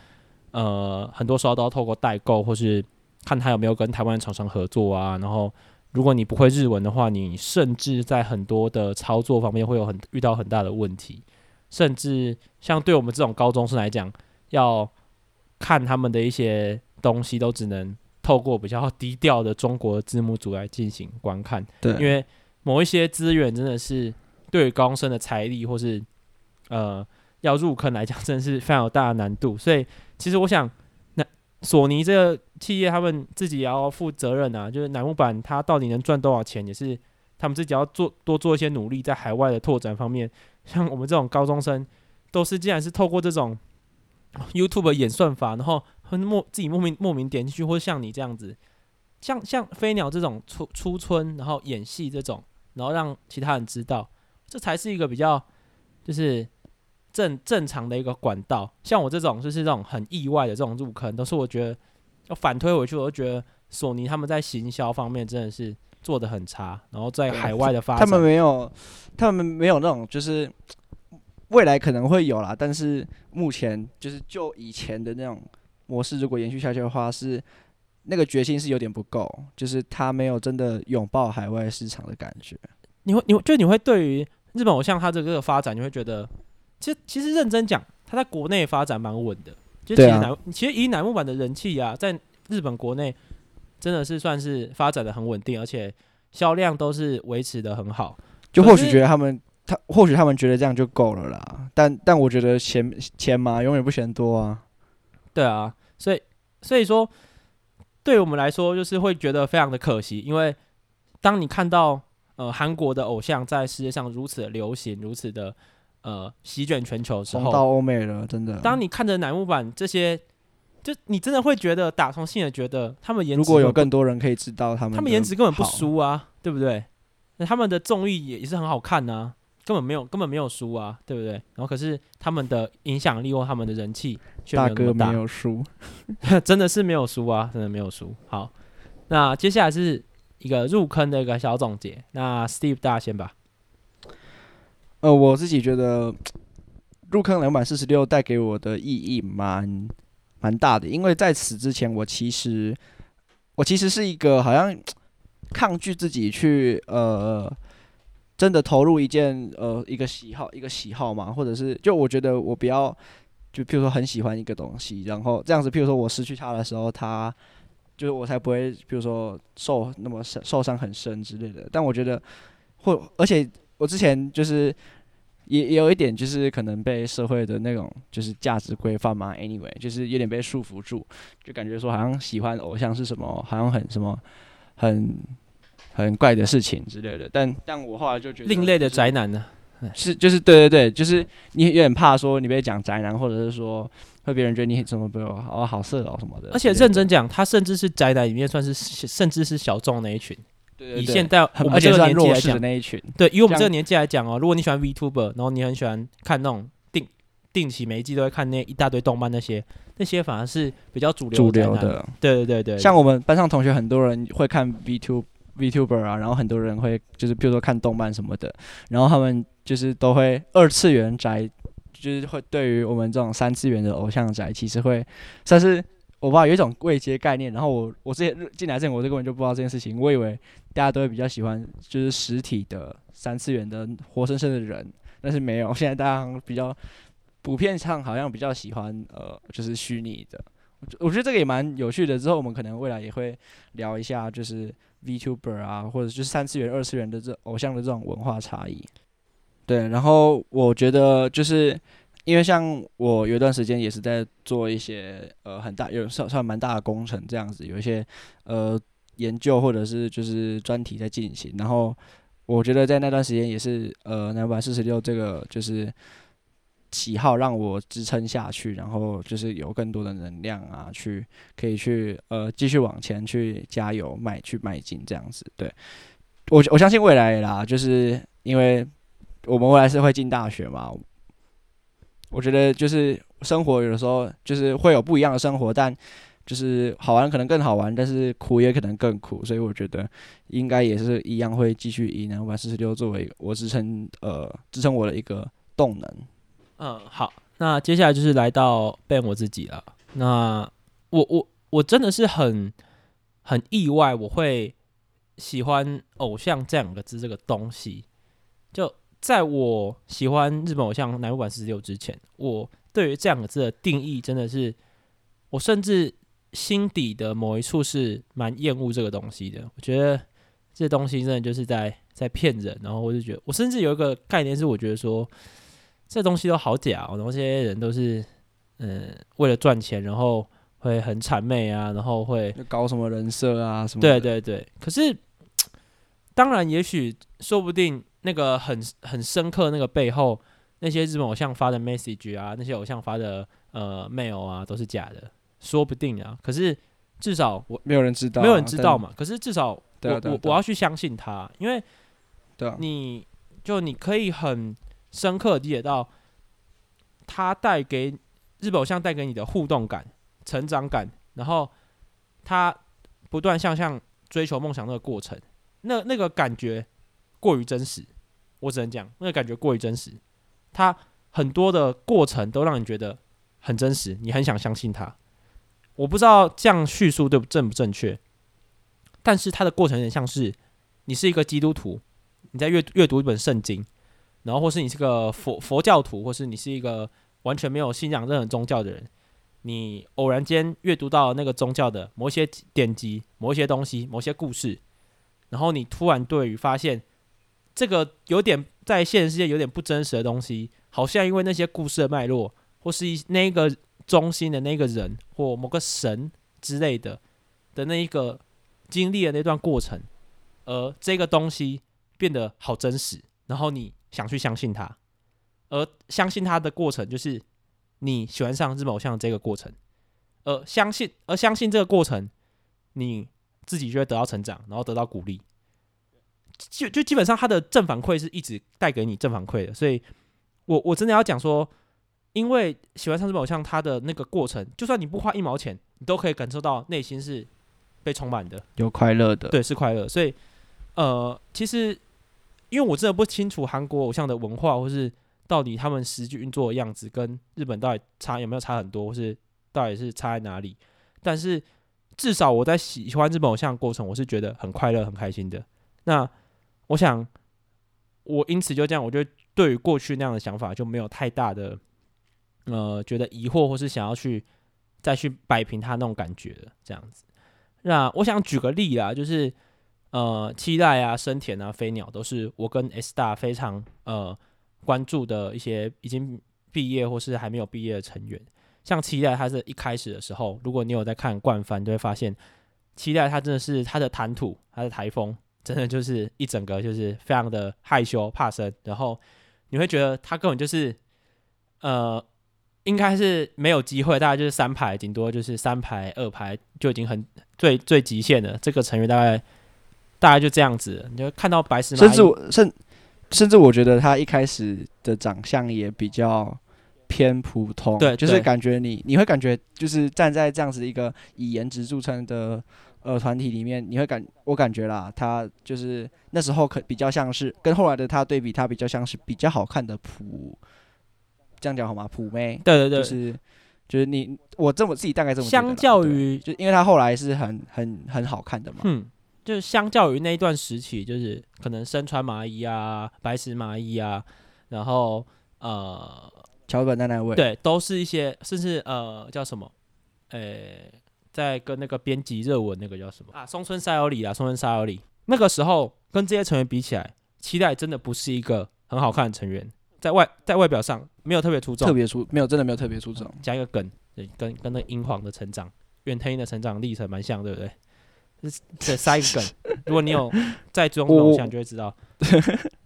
呃，很多時候都要透過代購或是。看他有沒有跟台灣的廠商合作啊，然後如果你不會日文的話，你甚至在很多的操作方面會有很遇到很大的問題，甚至像對我們這種高中生來講，要看他們的一些東西都只能透過比較低調的中國的字幕組來進行觀看，對，因為某一些資源真的是對高中生的財力或是呃要入坑來講，真的是非常有大的難度，所以其實我想，索尼這個企業，他們自己也要負責任吶、啊。就是乃木坂，他到底能賺多少錢，也是他們自己要做多做一些努力，在海外的拓展方面。像我們這種高中生，都是竟然是透過這種 YouTube 演算法，然後會莫自己莫名莫名點進去，或者像你這樣子，像像飛鳥這種初初春，然後演戲這種，然後讓其他人知道，這才是一個比較，就是。正正常的一個管道，像我這種就是這種很意外的這種入坑，都是我覺得要反推回去，我都覺得索尼他們在行銷方面真的是做得很差，然後在海外的發展，他們沒有，他們沒有那種就是未來可能會有啦，但是目前就是就以前的那種模式，如果延續下去的話是，是那個決心是有點不夠，就是他沒有真的擁抱海外市場的感覺。你會，你就你會對於日本偶像他這個這個發展，你會覺得？其實，其實認真講，他在國內發展蠻穩的。就其實，啊、其實以乃木坂的人氣啊，在日本國內真的是算是發展的很穩定，而且銷量都是維持得很好。就或許覺得他們，以他或許他們覺得這樣就夠了啦。但但我覺得錢錢嘛，永遠不嫌多啊。對啊，所以所以說，對我們來說就是會覺得非常的可惜，因為當你看到呃韓國的偶像在世界上如此的流行，如此的。呃，席捲全球之後，到歐美了，真的。當你看着乃木坂這些，就你真的會覺得，打從心裡覺得他們顏值，如果有更多人可以知道他們，他們顏值根本不輸啊，對不對？那他們的綜藝也也是很好看啊，根本沒有根本沒有輸啊，對不對？然後可是他們的影響力或他們的人氣，大哥沒有輸， *laughs* 真的是沒有輸啊，真的沒有輸。好，那接下來是一個入坑的一個小總結，那 Steve 大家先吧。呃，我自己覺得入坑246帶給我的意義蠻蠻大的，因為在此之前，我其實我其實是一個好像抗拒自己去呃真的投入一件呃一個喜好一個喜好嘛，或者是就我覺得我不要就比如說很喜歡一個東西，然後這樣子，譬如說我失去它的時候，它就是我才不會比如說受那麼傷受傷很深之類的。但我覺得或而且。我之前就是也也有一點，就是可能被社會的那種就是價值規範嘛，anyway，就是有點被束縛住，就感覺說好像喜歡偶像是什麼，好像很什麼很很怪的事情之類的。但但我後來就覺得、就是，另類的宅男呢，是就是對對對，就是你有點怕說你被講宅男，或者是說被別人覺得你什麼不哦好，好色佬什麼的。而且認真講，對對對，他甚至是宅男裡面算是甚至是小眾那一群。以現在，而且是弱勢的那一群。對，因為我們這個年紀來講哦，如果你喜歡 VTuber，然後你很喜歡看那種定定期每一季都會看那一大堆動漫那些，那些反而是比較主流的。對對對對，像我們班上同學，很多人會看 VT VTuber 啊，然後很多人會就是比如說看動漫什麼的，然後他們就是都會二次元宅，就是會對於我們這種三次元的偶像宅，其實會算是。我不有一種未接概念，然後我我之前進來之前，我這個人就不知道這件事情，我以為大家都會比較喜歡就是實體的三次元的活生生的人，但是沒有，現在大家比較普遍上，好像比較喜歡呃就是虛擬的，我我覺得這個也蠻有趣的，之後我們可能未來也會聊一下就是 VTuber 啊，或者就是三次元二次元的這偶像的這種文化差異。對，然後我覺得就是。因為像我有一段時間也是在做一些呃很大有算算蠻大的工程這樣子，有一些呃研究或者是就是專題在進行。然後我覺得在那段時間也是呃兩百四十六這個就是喜好讓我支撐下去，然後就是有更多的能量啊，去可以去呃繼續往前去加油邁去邁進這樣子。對，我我相信未來啦，就是因為我們未來是會進大學嘛。我覺得就是生活，有的時候就是會有不一樣的生活，但就是好玩可能更好玩，但是苦也可能更苦，所以我覺得應該也是一樣會繼續以乃木坂46作為我支撐呃支撐我的一個動能。嗯，好，那接下來就是來到 Ben 我自己了。那我我我真的是很很意外，我會喜歡偶像這兩個字這個東西。在我喜歡日本偶像乃木坂46之前，我對於這兩個字的定義真的是，我甚至心底的某一處是蠻厭惡這個東西的。我覺得這東西真的就是在在騙人，然後我就覺得，我甚至有一個概念是，我覺得說這東西都好假，喔，然後這些人都是嗯、呃、為了賺錢，然後會很諂媚啊，然後會搞什麼人設啊什麼。對對對，可是當然，也許說不定。那個很很深刻，那個背後那些日本偶像發的 message 啊，那些偶像發的呃 mail 啊，都是假的，說不定啊。可是至少我沒有人知道、啊，沒有人知道嘛。但是可是至少我對、啊、對對我我要去相信他，因為，對啊，你就你可以很深刻地理解到他帶給日本偶像帶給你的互動感、成長感，然後他不斷向上追求夢想那個過程，那那個感覺過於真實。我只能講，那個感覺過於真實，它很多的過程都讓你覺得很真實，你很想相信它。我不知道這樣敘述對不正不正確，但是它的過程有點像是你是一個基督徒，你在閱閱讀一本聖經，然後或是你是個佛佛教徒，或是你是一個完全沒有信仰任何宗教的人，你偶然間閱讀到那個宗教的某些典籍、某些東西、某些故事，然後你突然對於發現。這個有點在現實世界有點不真實的東西，好像因為那些故事的脈絡，或是那個中心的那個人，或某個神之類的的那一個經歷的那段過程，而這個東西變得好真實，然後你想去相信它，而相信它的過程就是你喜歡上日本偶像的這個過程，而相信而相信這個過程，你自己就會得到成長，然後得到鼓勵。就就基本上，他的正反饋是一直帶給你正反饋的，所以，我我真的要講說，因為喜歡上日本偶像，他的那個過程，就算你不花一毛錢，你都可以感受到內心是被充滿的，有快樂的，對，是快樂。所以，呃，其實，因為我真的不清楚韓國偶像的文化，或是到底他們實際運作的樣子跟日本到底差有沒有差很多，或是到底是差在哪裡。但是，至少我在喜、喜歡日本偶像的過程，我是覺得很快樂、很開心的。那。我想，我因此就這樣，我覺得對於過去那樣的想法就沒有太大的，呃，覺得疑惑或是想要去再去擺平他那種感覺了。這樣子，那我想舉個例啊，就是呃，七瀨啊，生田啊，飛鳥都是我跟 S 大非常呃關注的一些已經畢業或是還沒有畢業的成員。像七瀨，他是一開始的時候，如果你有在看冠番，就會發現七瀨他真的是他的談吐，他的台風。真的就是一整個就是非常的害羞怕生，然後你會覺得他根本就是呃，應該是沒有機會，大概就是三排，頂多就是三排、二排，就已經很最最極限了。這個成員大概大概就這樣子，你就看到白石，甚至我甚甚至我覺得他一開始的長相也比較偏普通，對，就是感覺你對你會感覺就是站在這樣子一個以顏值著稱的。呃，團體裡面你會感我感覺啦，他就是那時候可比較像是跟後來的他對比，他比較像是比較好看的普。這樣講好嗎？普妹。對對對。就是就是你我這麼自己大概這麼。相較於就因為他後來是很很很好看的嘛。嗯。就相較於那一段時期，就是可能深川麻衣啊，白石麻衣啊，然後呃，橋本奈奈未。對，都是一些甚至呃叫什麼，呃、欸。在跟那個編輯熱文那個叫什麼啊？松村沙友里啊，松村沙友里，那個時候跟這些成員比起來，期待真的不是一個很好看的成員，在外在外表上沒有特別出眾，特別出沒有真的沒有特別出眾，嗯。加一個梗，對，跟跟那個英皇的成長，遠藤櫻的成長歷程蠻像，對不對？是塞 *laughs* 一個梗，如果你有在中偶你就會知道，對，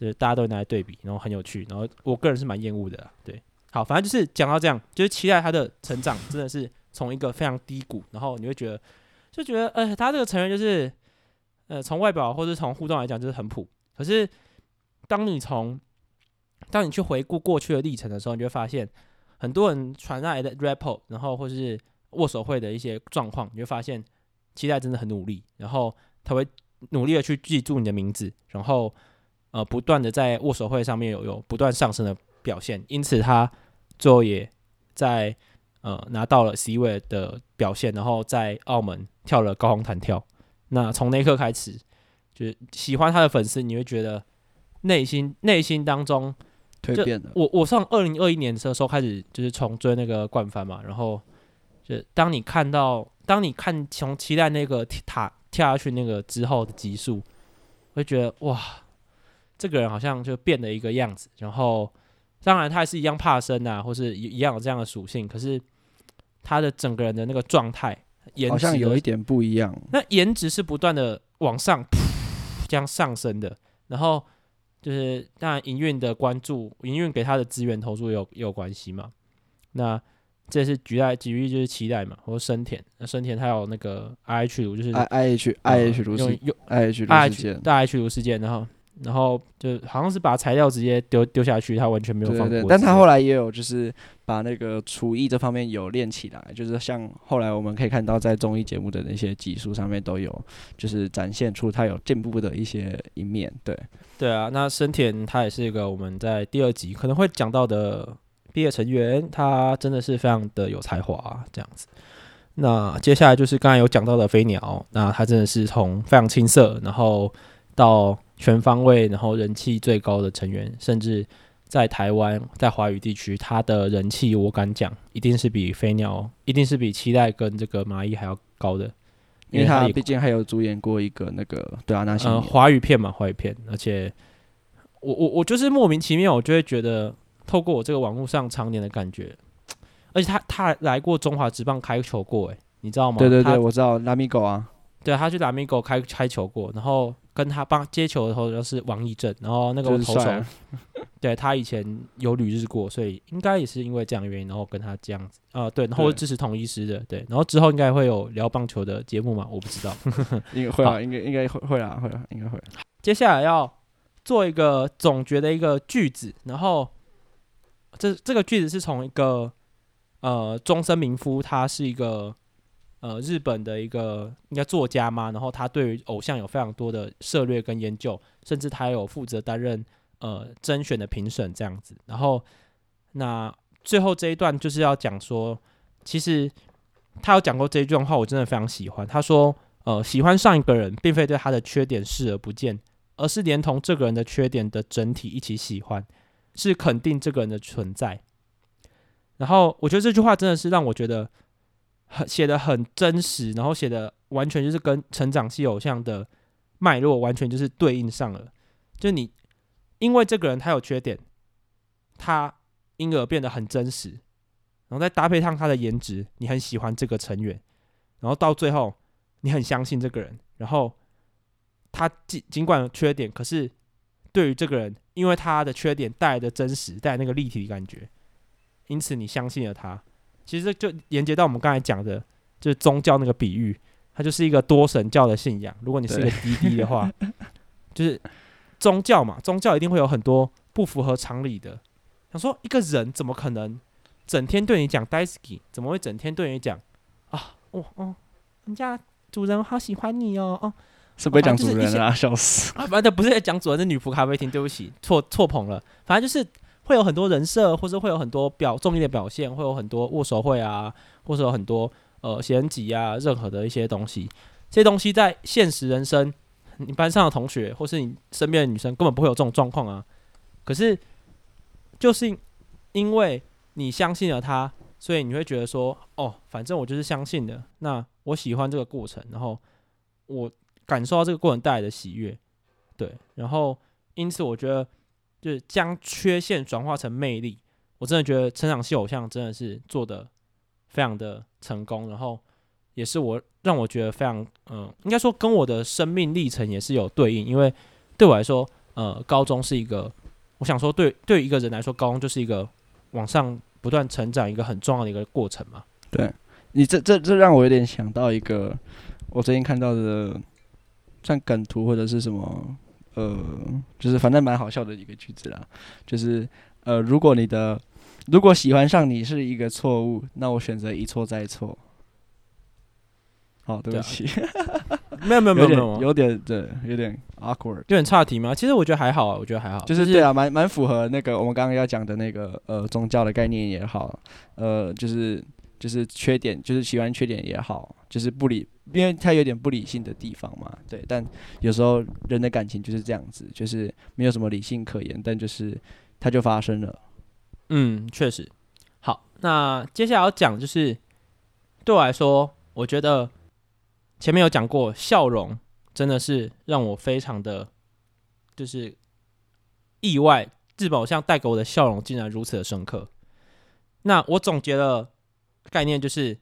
我 *laughs* 大家都會拿來對比，然後很有趣，然後我個人是蠻厭惡的，對，好，反正就是講到這樣，就是期待他的成長真的是。從一個非常低谷，然後你會覺得，就覺得，呃，他這個成員就是，呃，從外表或是從互動來講就是很普。可是，當你從，當你去回顧過去的歷程的時候，你就會發現，很多人傳來的 report，然後或是握手會的一些狀況，你就發現，期待真的很努力，然後他會努力的去記住你的名字，然後，呃，不斷的在握手會上面有有不斷上升的表現，因此他最後也在。呃，拿到了 C 位的表現，然後在澳門跳了高空彈跳。那從那一刻開始，就是喜歡他的粉絲，你會覺得內心內心當中，推就我我從二零二一年的時候開始，就是從追那個冠番嘛，然後就當你看到，當你看從期待那個塔跳下去那個之後的極速，會覺得哇，這個人好像就變了一個樣子。然後當然，他還是一樣怕生啊，或是一一樣有這樣的屬性，可是，他的整個人的那個狀態，顏值好像有一點不一樣。那顏值是不斷的往上這樣上升的，然後就是當然營運的關注，營運給他的資源投入有也有關係嘛。那這是期待，基於就是期待嘛。我說深田，那深田他有那個 I H 盧，就是 I, I H I H 盧、呃，用用 I H 大 I H 盧事件，然後。然後就好像是把材料直接丟丟下去，他完全沒有放過。對對對。但他後來也有就是把那個廚藝這方面有練起來，就是像後來我們可以看到在綜藝節目的那些集數上面都有，就是展現出他有進步的一些一面。對對啊，那生田他也是一個我們在第二集可能會講到的畢業成員，他真的是非常的有才華、啊、這樣子。那接下來就是剛才有講到的飛鳥，那他真的是從非常青澀，然後到。全方位，然後人氣最高的成員，甚至在台灣、在華語地區，他的人氣我敢講，一定是比飛鳥、喔，一定是比七瀨跟這個麻衣還要高的，因為他畢竟還有主演過一個那個對啊，那些呃華語片嘛，華語片，而且我我我就是莫名其妙，我就會覺得透過我這個網絡上常年的感覺，而且他他來過中華職棒開球過、欸，你知道嗎？對對對，我知道，拉米狗啊，對他去拉米狗開開球過，然後。跟他幫接球的時候，就是王溢正，然後那個投手，是啊、對他以前有旅日過，所以應該也是因為這樣的原因，然後跟他這樣子啊、呃，對，然後支持統一獅的，對，對，然後之後應該會有聊棒球的節目嘛？我不知道， *laughs* 應該會啊好，應該應該會會啊，會啊，應該會。好接下來要做一個總結的一個句子，然後這這個句子是從一個呃中森明夫，他是一個。呃，日本的一個應該作家嘛，然後他對於偶像有非常多的涉獵跟研究，甚至他也有負責擔任呃甄選的評審這樣子。然後那最後這一段就是要講說，其實他有講過這一段話，我真的非常喜歡。他說：“呃，喜歡上一個人，並非對他的缺點視而不見，而是連同這個人的缺點的整體一起喜歡，是肯定這個人的存在。”然後我覺得這句話真的是讓我覺得。很寫的很真實，然後寫的完全就是跟成長系偶像的脈絡完全就是對應上了。就是你因為這個人他有缺點，他因而變得很真實，然後再搭配上他的顏值，你很喜歡這個成員，然後到最後你很相信這個人，然後他盡儘管有缺點，可是對於這個人，因為他的缺點帶來的真實，帶來那個立體的感覺，因此你相信了他。其實就連接到我們剛才講的，就是宗教那個比喻，它就是一個多神教的信仰。如果你是一個 DD 的話，對 就是宗教嘛， *laughs* 宗教一定會有很多不符合常理的。想說一個人怎麼可能整天對你講 daisuki，怎麼會整天對你講啊？哦哦，人家主人好喜歡你哦哦，是不是講主人啊？哦、笑死！啊，反正不是講主人，是女僕咖啡廳。對不起，錯錯棚了。反正就是。會有很多人設，或者會有很多表，綜藝的表現，會有很多握手會啊，或者有很多呃寫真集啊，任何的一些東西。這些東西在現實人生，你班上的同學，或是你身邊的女生，根本不會有這種狀況啊。可是，就是因為你相信了他，所以你會覺得說，哦，反正我就是相信的，那我喜歡這個過程，然後我感受到這個過程帶來的喜悅，對，然後因此我覺得。是將缺陷轉化成魅力，我真的覺得成長系偶像真的是做得非常的成功，然後也是我讓我覺得非常，嗯、呃，應該說跟我的生命歷程也是有對應，因為對我來說，呃，高中是一個，我想說對對一個人來說，高中就是一個往上不斷成長一個很重要的一個過程嘛。對，對你這這這讓我有點想到一個我最近看到的，像梗圖或者是什麼。呃，就是反正蠻好笑的一個句子啦，就是呃，如果你的如果喜歡上你是一個錯誤，那我選擇一錯再錯。好，哦，對不起，沒有沒有沒有沒有，有，有點對，有點 awkward，有點岔題嗎？其實我覺得還好，啊，我覺得還好，就是對啊，對蠻蠻符合那個我們剛剛要講的那個呃宗教的概念也好，呃，就是就是缺點，就是喜歡缺點也好，就是不理。因為他有點不理性的地方嘛，對，但有時候人的感情就是這樣子，就是沒有什麼理性可言，但就是它就發生了。嗯，確實。好，那接下來要講就是對我來說，我覺得前面有講過，笑容真的是讓我非常的，就是意外，日本偶像帶給我的笑容竟然如此的深刻。那我總結的概念就是。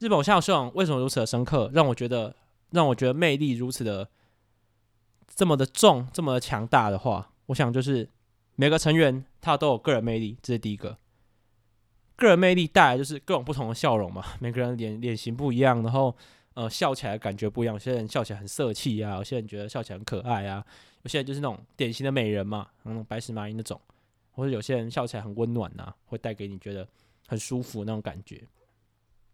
日本偶像的笑為什麼如此的深刻，讓我覺得讓我覺得魅力如此的這麼的重，這麼強大的話，我想就是每個成員他都有個人魅力，這是第一個。個人魅力帶來就是各種不同的笑容嘛，每個人臉臉型不一樣，然後呃笑起來的感覺不一樣。有些人笑起來很色氣啊，有些人覺得笑起來很可愛啊，有些人就是那種典型的美人嘛、嗯，那種白石麻衣那種，或者有些人笑起來很溫暖吶、啊，會帶給你覺得很舒服那種感覺。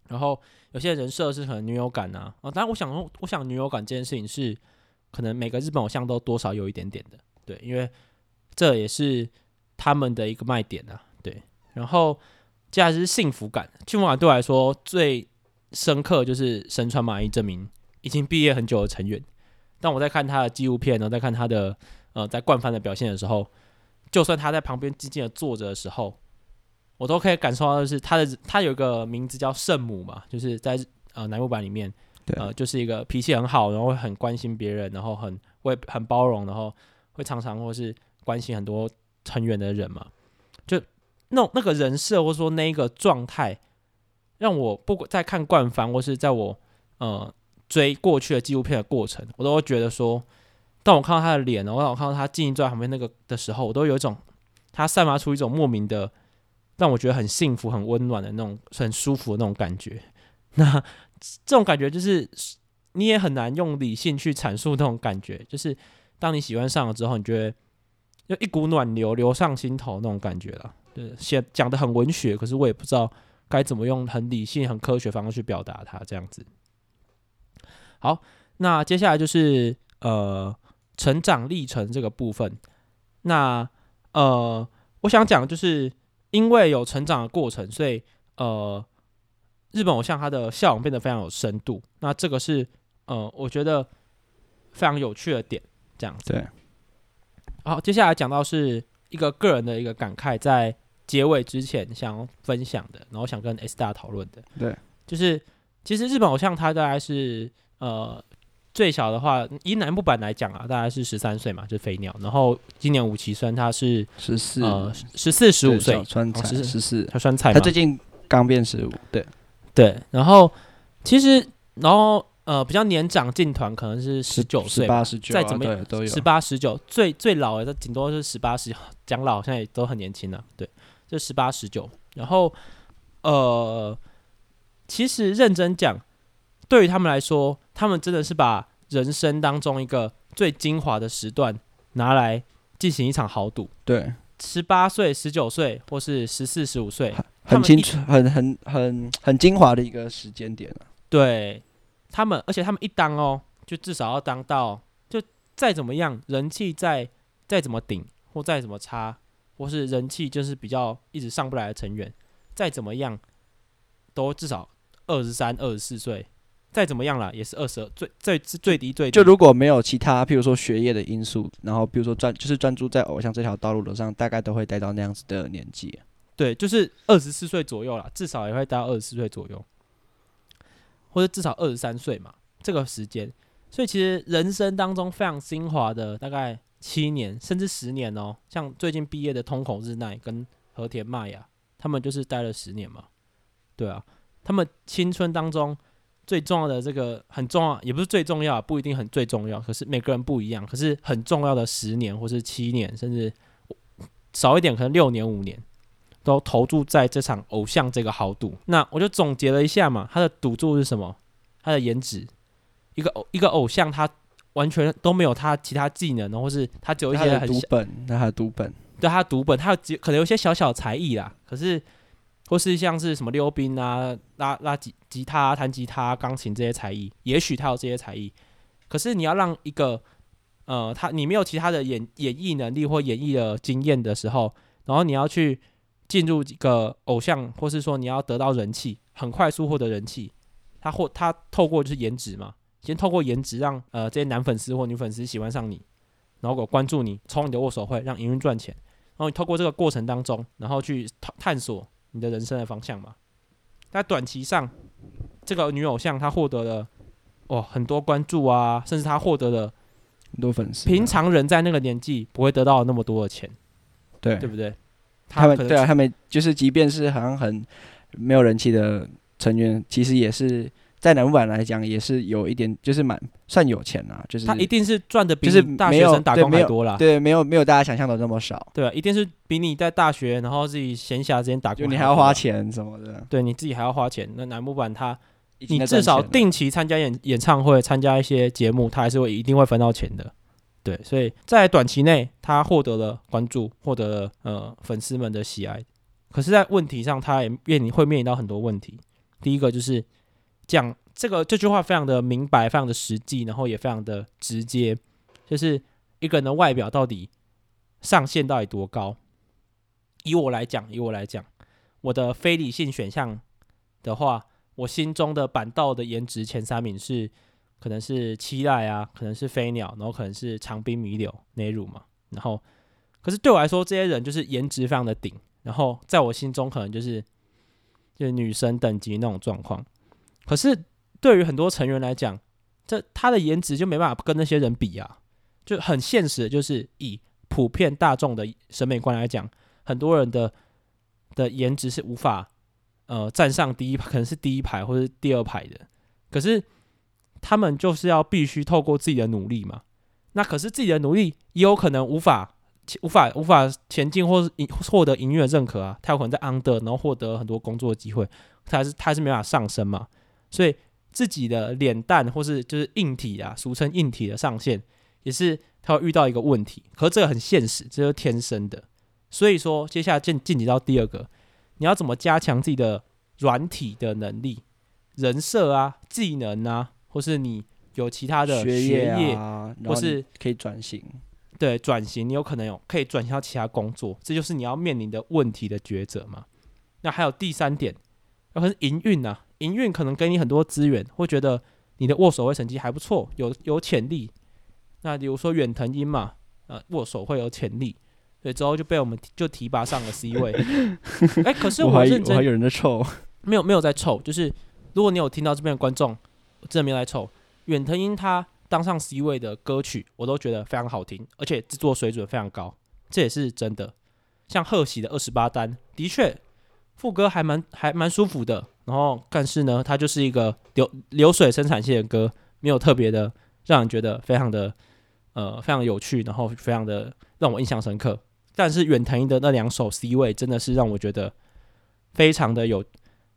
然後有些人設是很女友感啊，啊，當然我想說，我想女友感這件事情是可能每個日本偶像都多少有一點點的，對，因為這也是他們的一個賣點啊，對。然後接下來是幸福感，幸福感對我來說最深刻就是深川麻衣這名已經畢業很久的成員，當我在看他的紀錄片，然後在看他的呃在冠番的表現的時候，就算他在旁邊靜靜的坐着的時候。我都可以感受到，就是他的，他有一個名字叫聖母嘛，就是在呃乃木坂裡面，對呃，就是一個脾氣很好，然後會很關心別人，然後很會很包容，然後會常常或是關心很多成員的人嘛。就那那個人設，或者說那一個狀態，讓我不管在看冠番，或是在我呃追過去的紀錄片的過程，我都會覺得說，當我看到他的臉，然後我看到他靜靜坐在旁邊那個的時候，我都有一種他散發出一種莫名的。讓我覺得很幸福、很溫暖的那種、很舒服的那種感覺。那這種感覺就是你也很難用理性去闡述那種感覺，就是當你喜歡上了之後，你覺得就一股暖流流上心頭那種感覺了。對，寫講得很文學，可是我也不知道該怎麼用很理性、很科學的方式去表達它。這樣子。好，那接下來就是呃成長歷程這個部分。那呃，我想講的就是。因為有成長的過程，所以呃，日本偶像他的笑容變得非常有深度。那這個是呃，我覺得非常有趣的點。這樣子，對好，接下來講到是一個個人的一個感慨，在結尾之前想分享的，然後想跟 S 大討論的。對，就是其實日本偶像他大概是呃。最小的話，以乃木坂來講啊，大概是十三歲嘛，就是、飛鳥。然後今年五期生他是十四，呃，十四十五歲，十十四小川彩他最近剛變十五，對，對。然後其實，然後呃，比較年長進團可能是十九歲，十八十九，再怎麼都有十八十九。最最老的，頂多是十八十。講老現在也都很年輕了、啊，對，就十八十九。然後呃，其實認真講。對於他們來說，他們真的是把人生當中一個最精華的時段拿來進行一場豪賭。對，十八歲、十九歲，或是十四、十五歲，很，很清楚，很很很很精華的一個時間點了啊。對他們，而且他們一當哦，就至少要當到，就再怎麼樣人氣再再怎麼頂，或再怎麼差，或是人氣就是比較一直上不來的成員，再怎麼樣都至少二十三、二十四歲。再怎麼樣啦，也是二十二最最最低最低。就如果沒有其他，譬如說學業的因素，然後比如說專就是專注在偶像這條道路上，大概都會待到那樣子的年紀。對，就是二十四歲左右啦，至少也會待到二十四歲左右，或者至少二十三歲嘛，這個時間。所以其實人生當中非常精華的大概七年甚至十年哦、喔，像最近畢業的樋口日奈跟和田麥呀，他們就是待了十年嘛。對啊，他們青春當中，最重要的這個很重要，也不是最重要啊，不一定很最重要。可是每個人不一樣，可是很重要的十年，或是七年，甚至少一點，可能六年、五年，都投注在這場偶像這個豪賭。那我就總結了一下嘛，他的賭注是什麼？他的顏值，一個偶一個偶像，他完全都沒有他其他技能，然後是他只有一些很賭本，那他賭本，對他賭本，他可能有些小小才藝啦，可是。或是像是什麼溜冰啊、拉拉吉吉他、彈吉他、鋼琴這些才藝，也許他有這些才藝，可是你要讓一個呃，他你沒有其他的演演繹能力或演繹的經驗的時候，然後你要去進入一個偶像，或是說你要得到人氣，很快速獲得人氣，他或他透過就是顏值嘛，先透過顏值讓呃這些男粉絲或女粉絲喜歡上你，然後給我關注你，衝你的握手會，讓營運賺錢，然後你透過這個過程當中，然後去探探索。你的人生的方向嘛，但短期上，這個女偶像她獲得了哦很多關注啊，甚至她獲得了很多粉絲啊。平常人在那個年紀不會得到那麼多的錢，對，對不對？她們她可能對啊，她們就是即便是很很沒有人氣的成員，其實也是。在乃木坂來講，也是有一點就有、啊，就是蠻算有錢了，就是他一定是賺的比大學生打工還多啦。對，對，沒有沒有大家想象的那麼少。對啊，一定是比你在大學然後自己閒暇之間打工，你還要花錢什麼的。對，你自己還要花錢。那乃木坂他，錢你至少定期參加演演唱會，參加一些節目，他還是會一定會分到錢的。對，所以在短期內，他獲得了關注，獲得了呃粉絲們的喜愛。可是，在問題上，他也面臨會面臨到很多問題。第一個就是。講這個這句話非常的明白，非常的實際，然後也非常的直接。就是一個人的外表到底上限到底多高？以我來講，以我來講，我的非理性選項的話，我心中的坂道的顏值前三名是可能是七瀨啊，可能是飛鳥，然後可能是長濱米柳奈乳嘛。然後，可是對我來說，這些人就是顏值非常的頂，然後在我心中可能就是就是女神等級那種狀況。可是對於很多成員來講，這他的顏值就沒辦法跟那些人比啊，就很現實的就是以普遍大眾的審美觀來講，很多人的的顏值是無法呃站上第一，可能是第一排或是第二排的。可是他們就是要必須透過自己的努力嘛，那可是自己的努力也有可能無法無法無法前進，或是獲得營運的認可啊，他有可能在 under，然後獲得很多工作機會，他還是他還是沒辦法上升嘛。所以自己的臉蛋或是就是硬體啊，俗稱硬體的上限，也是他會遇到一個問題。可是這個很現實，這是天生的。所以說，接下來進晉級到第二個，你要怎麼加強自己的軟體的能力？人設啊，技能啊，或是你有其他的學業、學業啊，或是可以轉型？對，轉型你有可能有可以轉型到其他工作，這就是你要面臨的問題的抉擇嘛。那還有第三點，要很營運吶。營運可能給你很多資源，會覺得你的握手會成績還不錯，有有潛力。那比如說遠藤櫻嘛，呃，握手會有潛力，所以之後就被我們就提拔上了 C 位。哎、 *laughs* 欸，可是我認真，還，還有人在臭，沒有沒有在臭，就是如果你有聽到這邊的觀眾，真的沒有在臭，遠藤櫻他當上 C 位的歌曲，我都覺得非常好聽，而且制作水準非常高，這也是真的。像賀喜的二十八單，的確副歌還蠻還蠻舒服的。然後，但是呢，它就是一個流流水生產線的歌，沒有特別的讓人覺得非常的，呃，非常的有趣，然後非常的讓我印象深刻。但是遠藤的那兩首 C 位真的是讓我覺得非常的有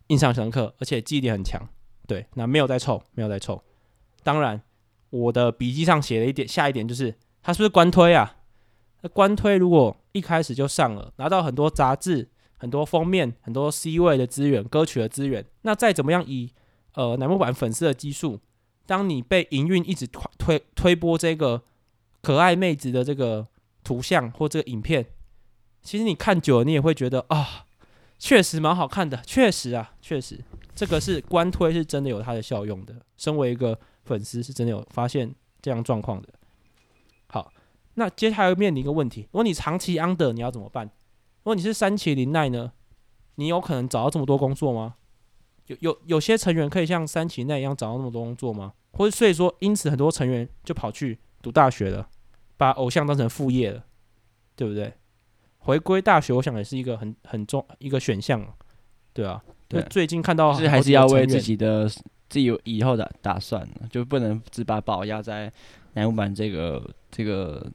印象深刻，而且記憶點很強。對，那沒有再臭，沒有再臭。當然，我的筆記上寫了一點，下一點就是，他是不是官推啊？那官推如果一開始就上了，拿到很多雜誌。很多封面、很多 C 位的資源、歌曲的資源，那再怎麼樣以呃乃木坂粉絲的基數，當你被營運一直推推推播，這個可愛妹子的這個圖像或這個影片，其實你看久了你也會覺得啊，確實蠻好看的，確實啊，確實這個是官推是真的有它的效用的。身為一個粉絲，是真的有發現這樣狀況的。好，那接下來面臨一個問題，如果你長期 under，你要怎麼辦？如果你是山崎憐奈呢，你有可能找到這麼多工作嗎？有有有些成員可以像山崎憐奈一樣找到那麼多工作嗎？或者所以說，因此很多成員就跑去讀大學了，把偶像當成副業了，對不對？回歸大學，我想也是一個很很重一個選項，對啊。對，最近看到是還是要為自己的，自己，的自己以後的打，打算，就不能只把寶押在乃木坂這個這個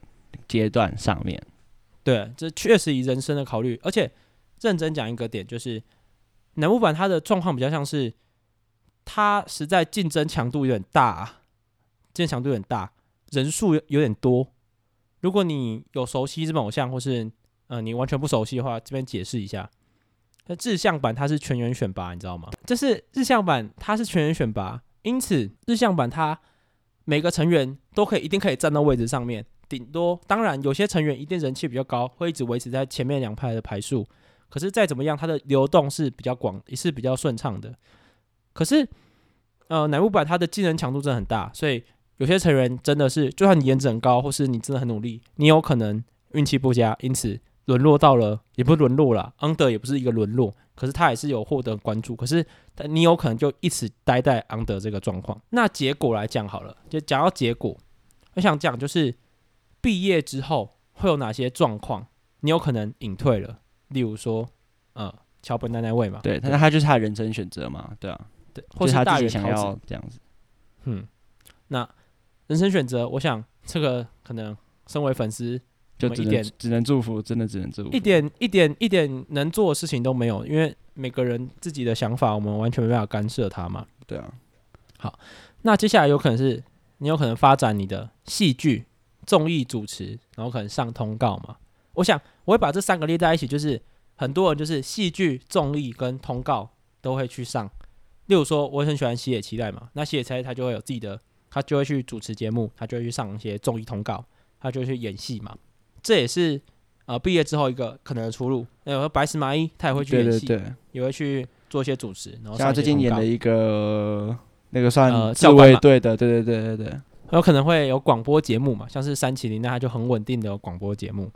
階段上面。對，這確實以人生的考慮，而且認真講一個點，就是乃木坂它的狀況比較像是，它實在競爭強度有點大啊，競爭強度有點大，人數有有點多。如果你有熟悉日本偶像，或是嗯、呃、你完全不熟悉的話，這邊解釋一下。那日向坂它是全員選拔，你知道嗎？就是日向坂它是全員選拔，因此日向坂它每個成員都可以一定可以站到位置上面。頂多，當然有些成員一定人氣比較高，會一直維持在前面兩排的排數。可是再怎麼樣，它的流動是比較廣，也是比較順暢的。可是，呃，乃木坂它的技能強度真的很大，所以有些成員真的是，就算你顏值很高，或是你真的很努力，你有可能運氣不佳，因此淪落到了，也不淪落了，under 也不是一個淪落，可是他也是有獲得關注。可是，但你有可能就一直待在 under 這個狀況。那結果來講，好了，就講到結果，我想講就是。畢業之後會有哪些狀況？你有可能隱退了，例如說，呃，橋本奈奈未嘛？對，那對他就是他的人生選擇嘛？對啊，對，或是他自己想要這樣子。嗯，那人生選擇，我想這個可能身為粉絲就只能一點只能祝福，真的只能祝福，一點一點一點能做的事情都沒有，因為每個人自己的想法，我們完全沒辦法干涉他嘛？對啊。好，那接下來有可能是你有可能發展你的戲劇。綜藝主持，然後可能上通告嘛？我想我會把這三個列在一起，就是很多人就是戲劇、綜藝跟通告都會去上。例如說，我很喜歡西野期待嘛，那西野期待他就會有自己的，他就會去主持節目，他就會去上一些綜藝通告，他就會去演戲嘛。這也是呃畢業之後一個可能的出路。有、那個、白石麻衣他也會去演戲，對對對，也會去做一些主持。然後像他最近演了一個那個算校衛隊的，對、呃、對對對對。有可能會有廣播節目嘛，像是三七零，那它就很穩定的廣播節目。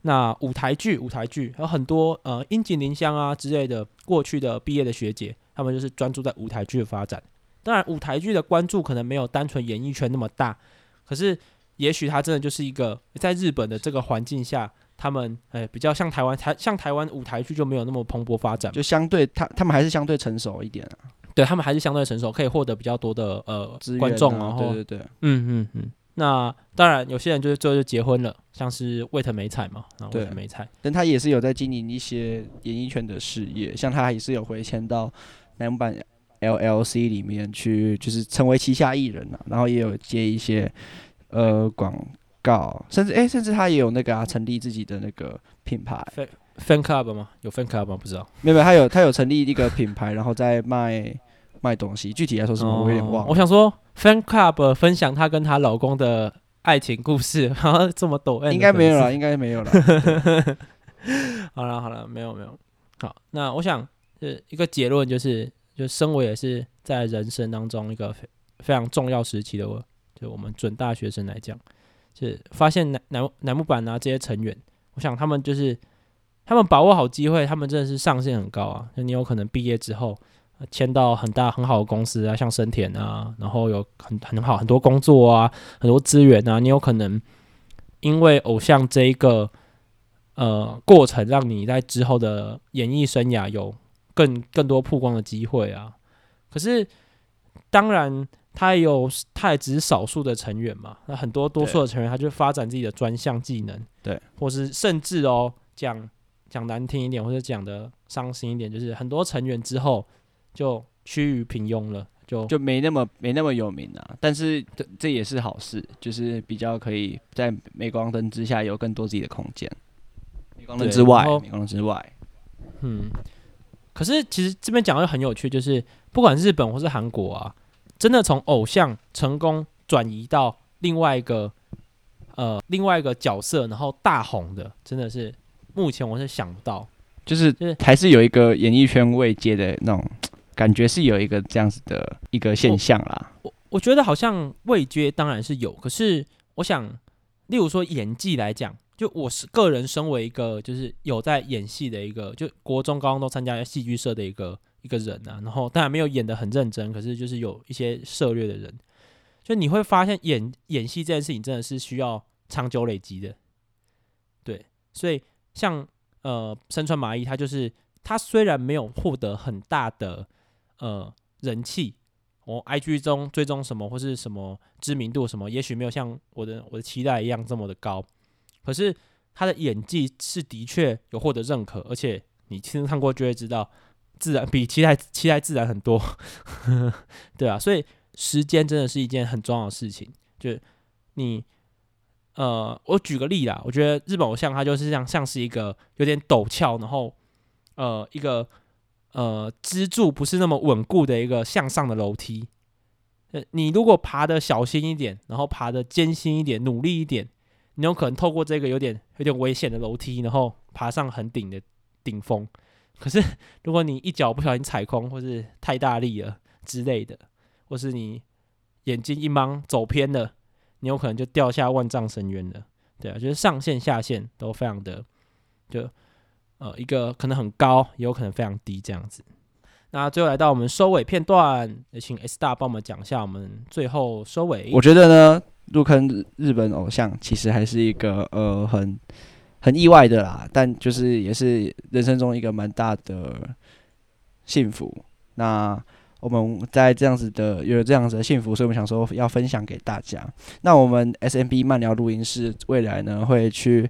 那舞台劇，舞台劇有很多呃，櫻井玲香啊之類的過去的畢業的學姐，他們就是專注在舞台劇的發展。當然，舞台劇的關注可能沒有單純演藝圈那麼大，可是也許它真的就是一個在日本的這個環境下，他們哎、欸、比較像台灣台像台灣舞台劇就沒有那麼蓬勃發展，就相對他他們還是相對成熟一點啊。對他們還是相對成熟，可以獲得比較多的呃、啊、觀眾，然後對對對，嗯嗯嗯。嗯嗯，那當然，有些人就是最後就結婚了，像是衛藤美彩嘛，然後衛藤美彩但他也是有在經營一些演藝圈的事業，像他也是有回遷到南版 LLC 裡面去，就是成為旗下藝人了，啊，然後也有接一些呃廣告，甚至哎，甚至他也有那個啊，成立自己的那個品牌。Fan Club 嗎？有 Fan Club 嗎？不知道。沒有，沒有，他有，他有成立一個品牌，然後在賣 *laughs* 賣東西。具體來說是什麼，我有點忘了、哦。我想說，Fan Club 分享她跟她老公的愛情故事，哈，哈，這麼逗。應該沒有了，應該沒有了。好了好了，沒有沒有。好，那我想是一個結論，就是就生活也是在人生當中一個非常重要時期的我，就我們準大學生來講，就是發現乃乃乃、乃木坂啊這些成員，我想他們就是。他們把握好機會，他們真的是上限很高啊！那你有可能畢業之後呃、簽到很大很好的公司啊，像森田啊，然後有很很好很多工作啊，很多資源啊，你有可能因為偶像這一個呃過程，讓你在之後的演藝生涯有更更多曝光的機會啊。可是當然，他也有，他也只是少數的成員嘛。那很多多數的成員，對他就發展自己的專項技能，對，或是甚至哦講。這樣講難聽一點，或者講的傷心一點，就是很多成員之後就趨於平庸了，就就沒那麼沒那麼有名了、啊。但是這，這也是好事，就是比較可以在鎂光燈之下有更多自己的空間。鎂光燈之外，鎂光燈之外，嗯。可是其實這邊講的很有趣，就是不管是日本或是韓國啊，真的從偶像成功轉移到另外一個呃另外一個角色，然後大紅的，真的是。目前我是想不到，就是還是有一個演藝圈未接的那種感覺，是有一個這樣子的一個現象啦。我我覺得好像未接當然是有，可是我想，例如說演技來講，就我是個人，身為一個就是有在演戲的一個，就國中高中都參加戲劇社的一個一個人啊，然後當然沒有演得很認真，可是就是有一些涉獵的人，就你會發現演演戲這件事情真的是需要長久累積的，對，所以。像呃，深川麻衣，他就是他雖然沒有獲得很大的呃人氣，哦 I G 中追蹤什麼或是什麼知名度什麼，也許沒有像我的我的期待一樣這麼的高，可是他的演技是的確有獲得認可，而且你親自看過就會知道，自然比期待期待自然很多， *laughs* 對啊，所以時間真的是一件很重要的事情，就你。呃，我舉個例啦，我覺得日本偶像他就是這樣，像是一個有點陡峭，然後呃一個呃支柱不是那麼穩固的一個向上的樓梯。你如果爬得小心一點，然後爬得艱辛一點，努力一點，你有可能透過這個有點有點危險的樓梯，然後爬上很頂的頂峰。可是如果你一腳不小心踩空，或是太大力了之類的，或是你眼睛一懵走偏了。你有可能就掉下萬丈深淵了，對啊，就是上限下限都非常的，就呃一個可能很高，也有可能非常低這樣子。那最後來到我們收尾片段，也請 S 大幫我們講一下我們最後收尾。我覺得呢，入坑日本偶像其實還是一個呃很很意外的啦，但就是也是人生中一個蠻大的幸福。那。我們在這樣子的，有這樣子的幸福，所以我們想說要分享給大家。那我們 S M B 漫聊錄音室未來呢，會去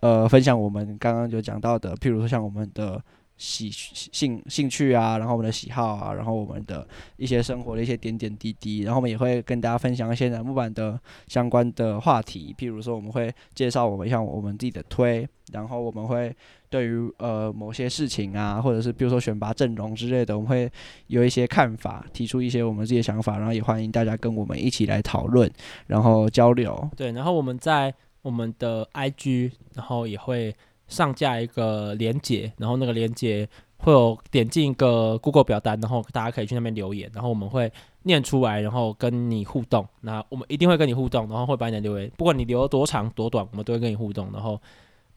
呃分享我們剛剛就講到的，譬如說像我們的。喜興興趣啊，然後我們的喜好啊，然後我們的一些生活的一些點點滴滴，然後我們也會跟大家分享一些乃木坂的相關的話題，譬如說我們會介紹我們像我們自己的推，然後我們會對於呃某些事情啊，或者是比如說選拔陣容之類的，我們會有一些看法，提出一些我們自己的想法，然後也歡迎大家跟我們一起來討論，然後交流。對，然後我們在我們的 IG，然後也會。上架一個鏈接，然後那個鏈接會有點進一個 Google 表單，然後大家可以去那邊留言，然後我們會念出來，然後跟你互動。那我們一定會跟你互動，然後會把你的留言，不管你留多長多短，我們都會跟你互動，然後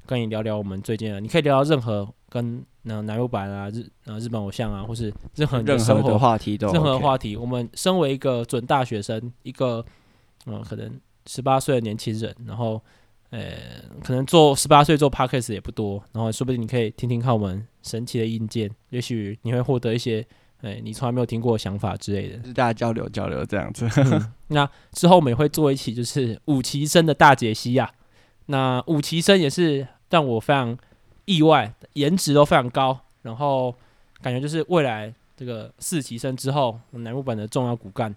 跟你聊聊我們最近的。你可以聊聊任何跟呃乃木坂啊、日呃日本偶像啊，或是任何任何的話題都 OK。任何話題。我們身為一個準大學生，一個嗯、呃，可能十八歲的年輕人，然後。呃，可能做十八歲做 Podcast 也不多，然後說不定你可以聽聽看我們神奇的硬件，也許你會獲得一些哎你從來沒有聽過的想法之類的，大家交流交流這樣子，嗯。那之後我們也會做一期就是五期生的大解析呀。那五期生也是讓我非常意外，顏值都非常高，然後感覺就是未來這個四期生之後乃木坂的重要骨幹。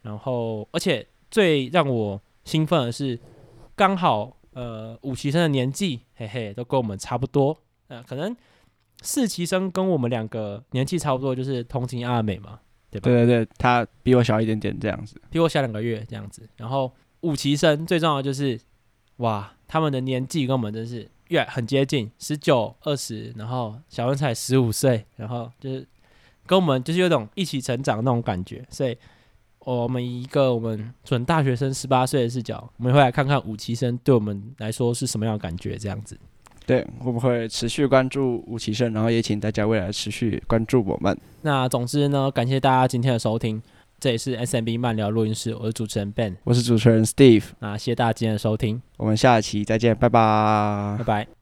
然後，而且最讓我興奮的是，剛好。呃，五期生的年紀，嘿嘿，都跟我們差不多。呃，可能四期生跟我們兩個年紀差不多，就是同情阿美嘛，對吧？對對對，他比我小一點點，這樣子，比我小兩個月，這樣子。然後五期生最重要就是，哇，他們的年紀跟我們真是越很接近，十九、二十，然後小文才十五歲，然後就是跟我們就是有一種一起成長的那種感覺，所以。哦、我們以一個我們準大學生、十八歲的視角，我們會來看看五期生對我們來說是什麼樣的感覺，這樣子。對，我們會持續關注五期生，然後也請大家未來持續關注我們。那總之呢，感謝大家今天的收聽。這裡是 SMB 漫聊錄音室，我是主持人 Ben。我是主持人 Steve。那謝謝大家今天的收聽，我們下期再見，拜拜，拜拜。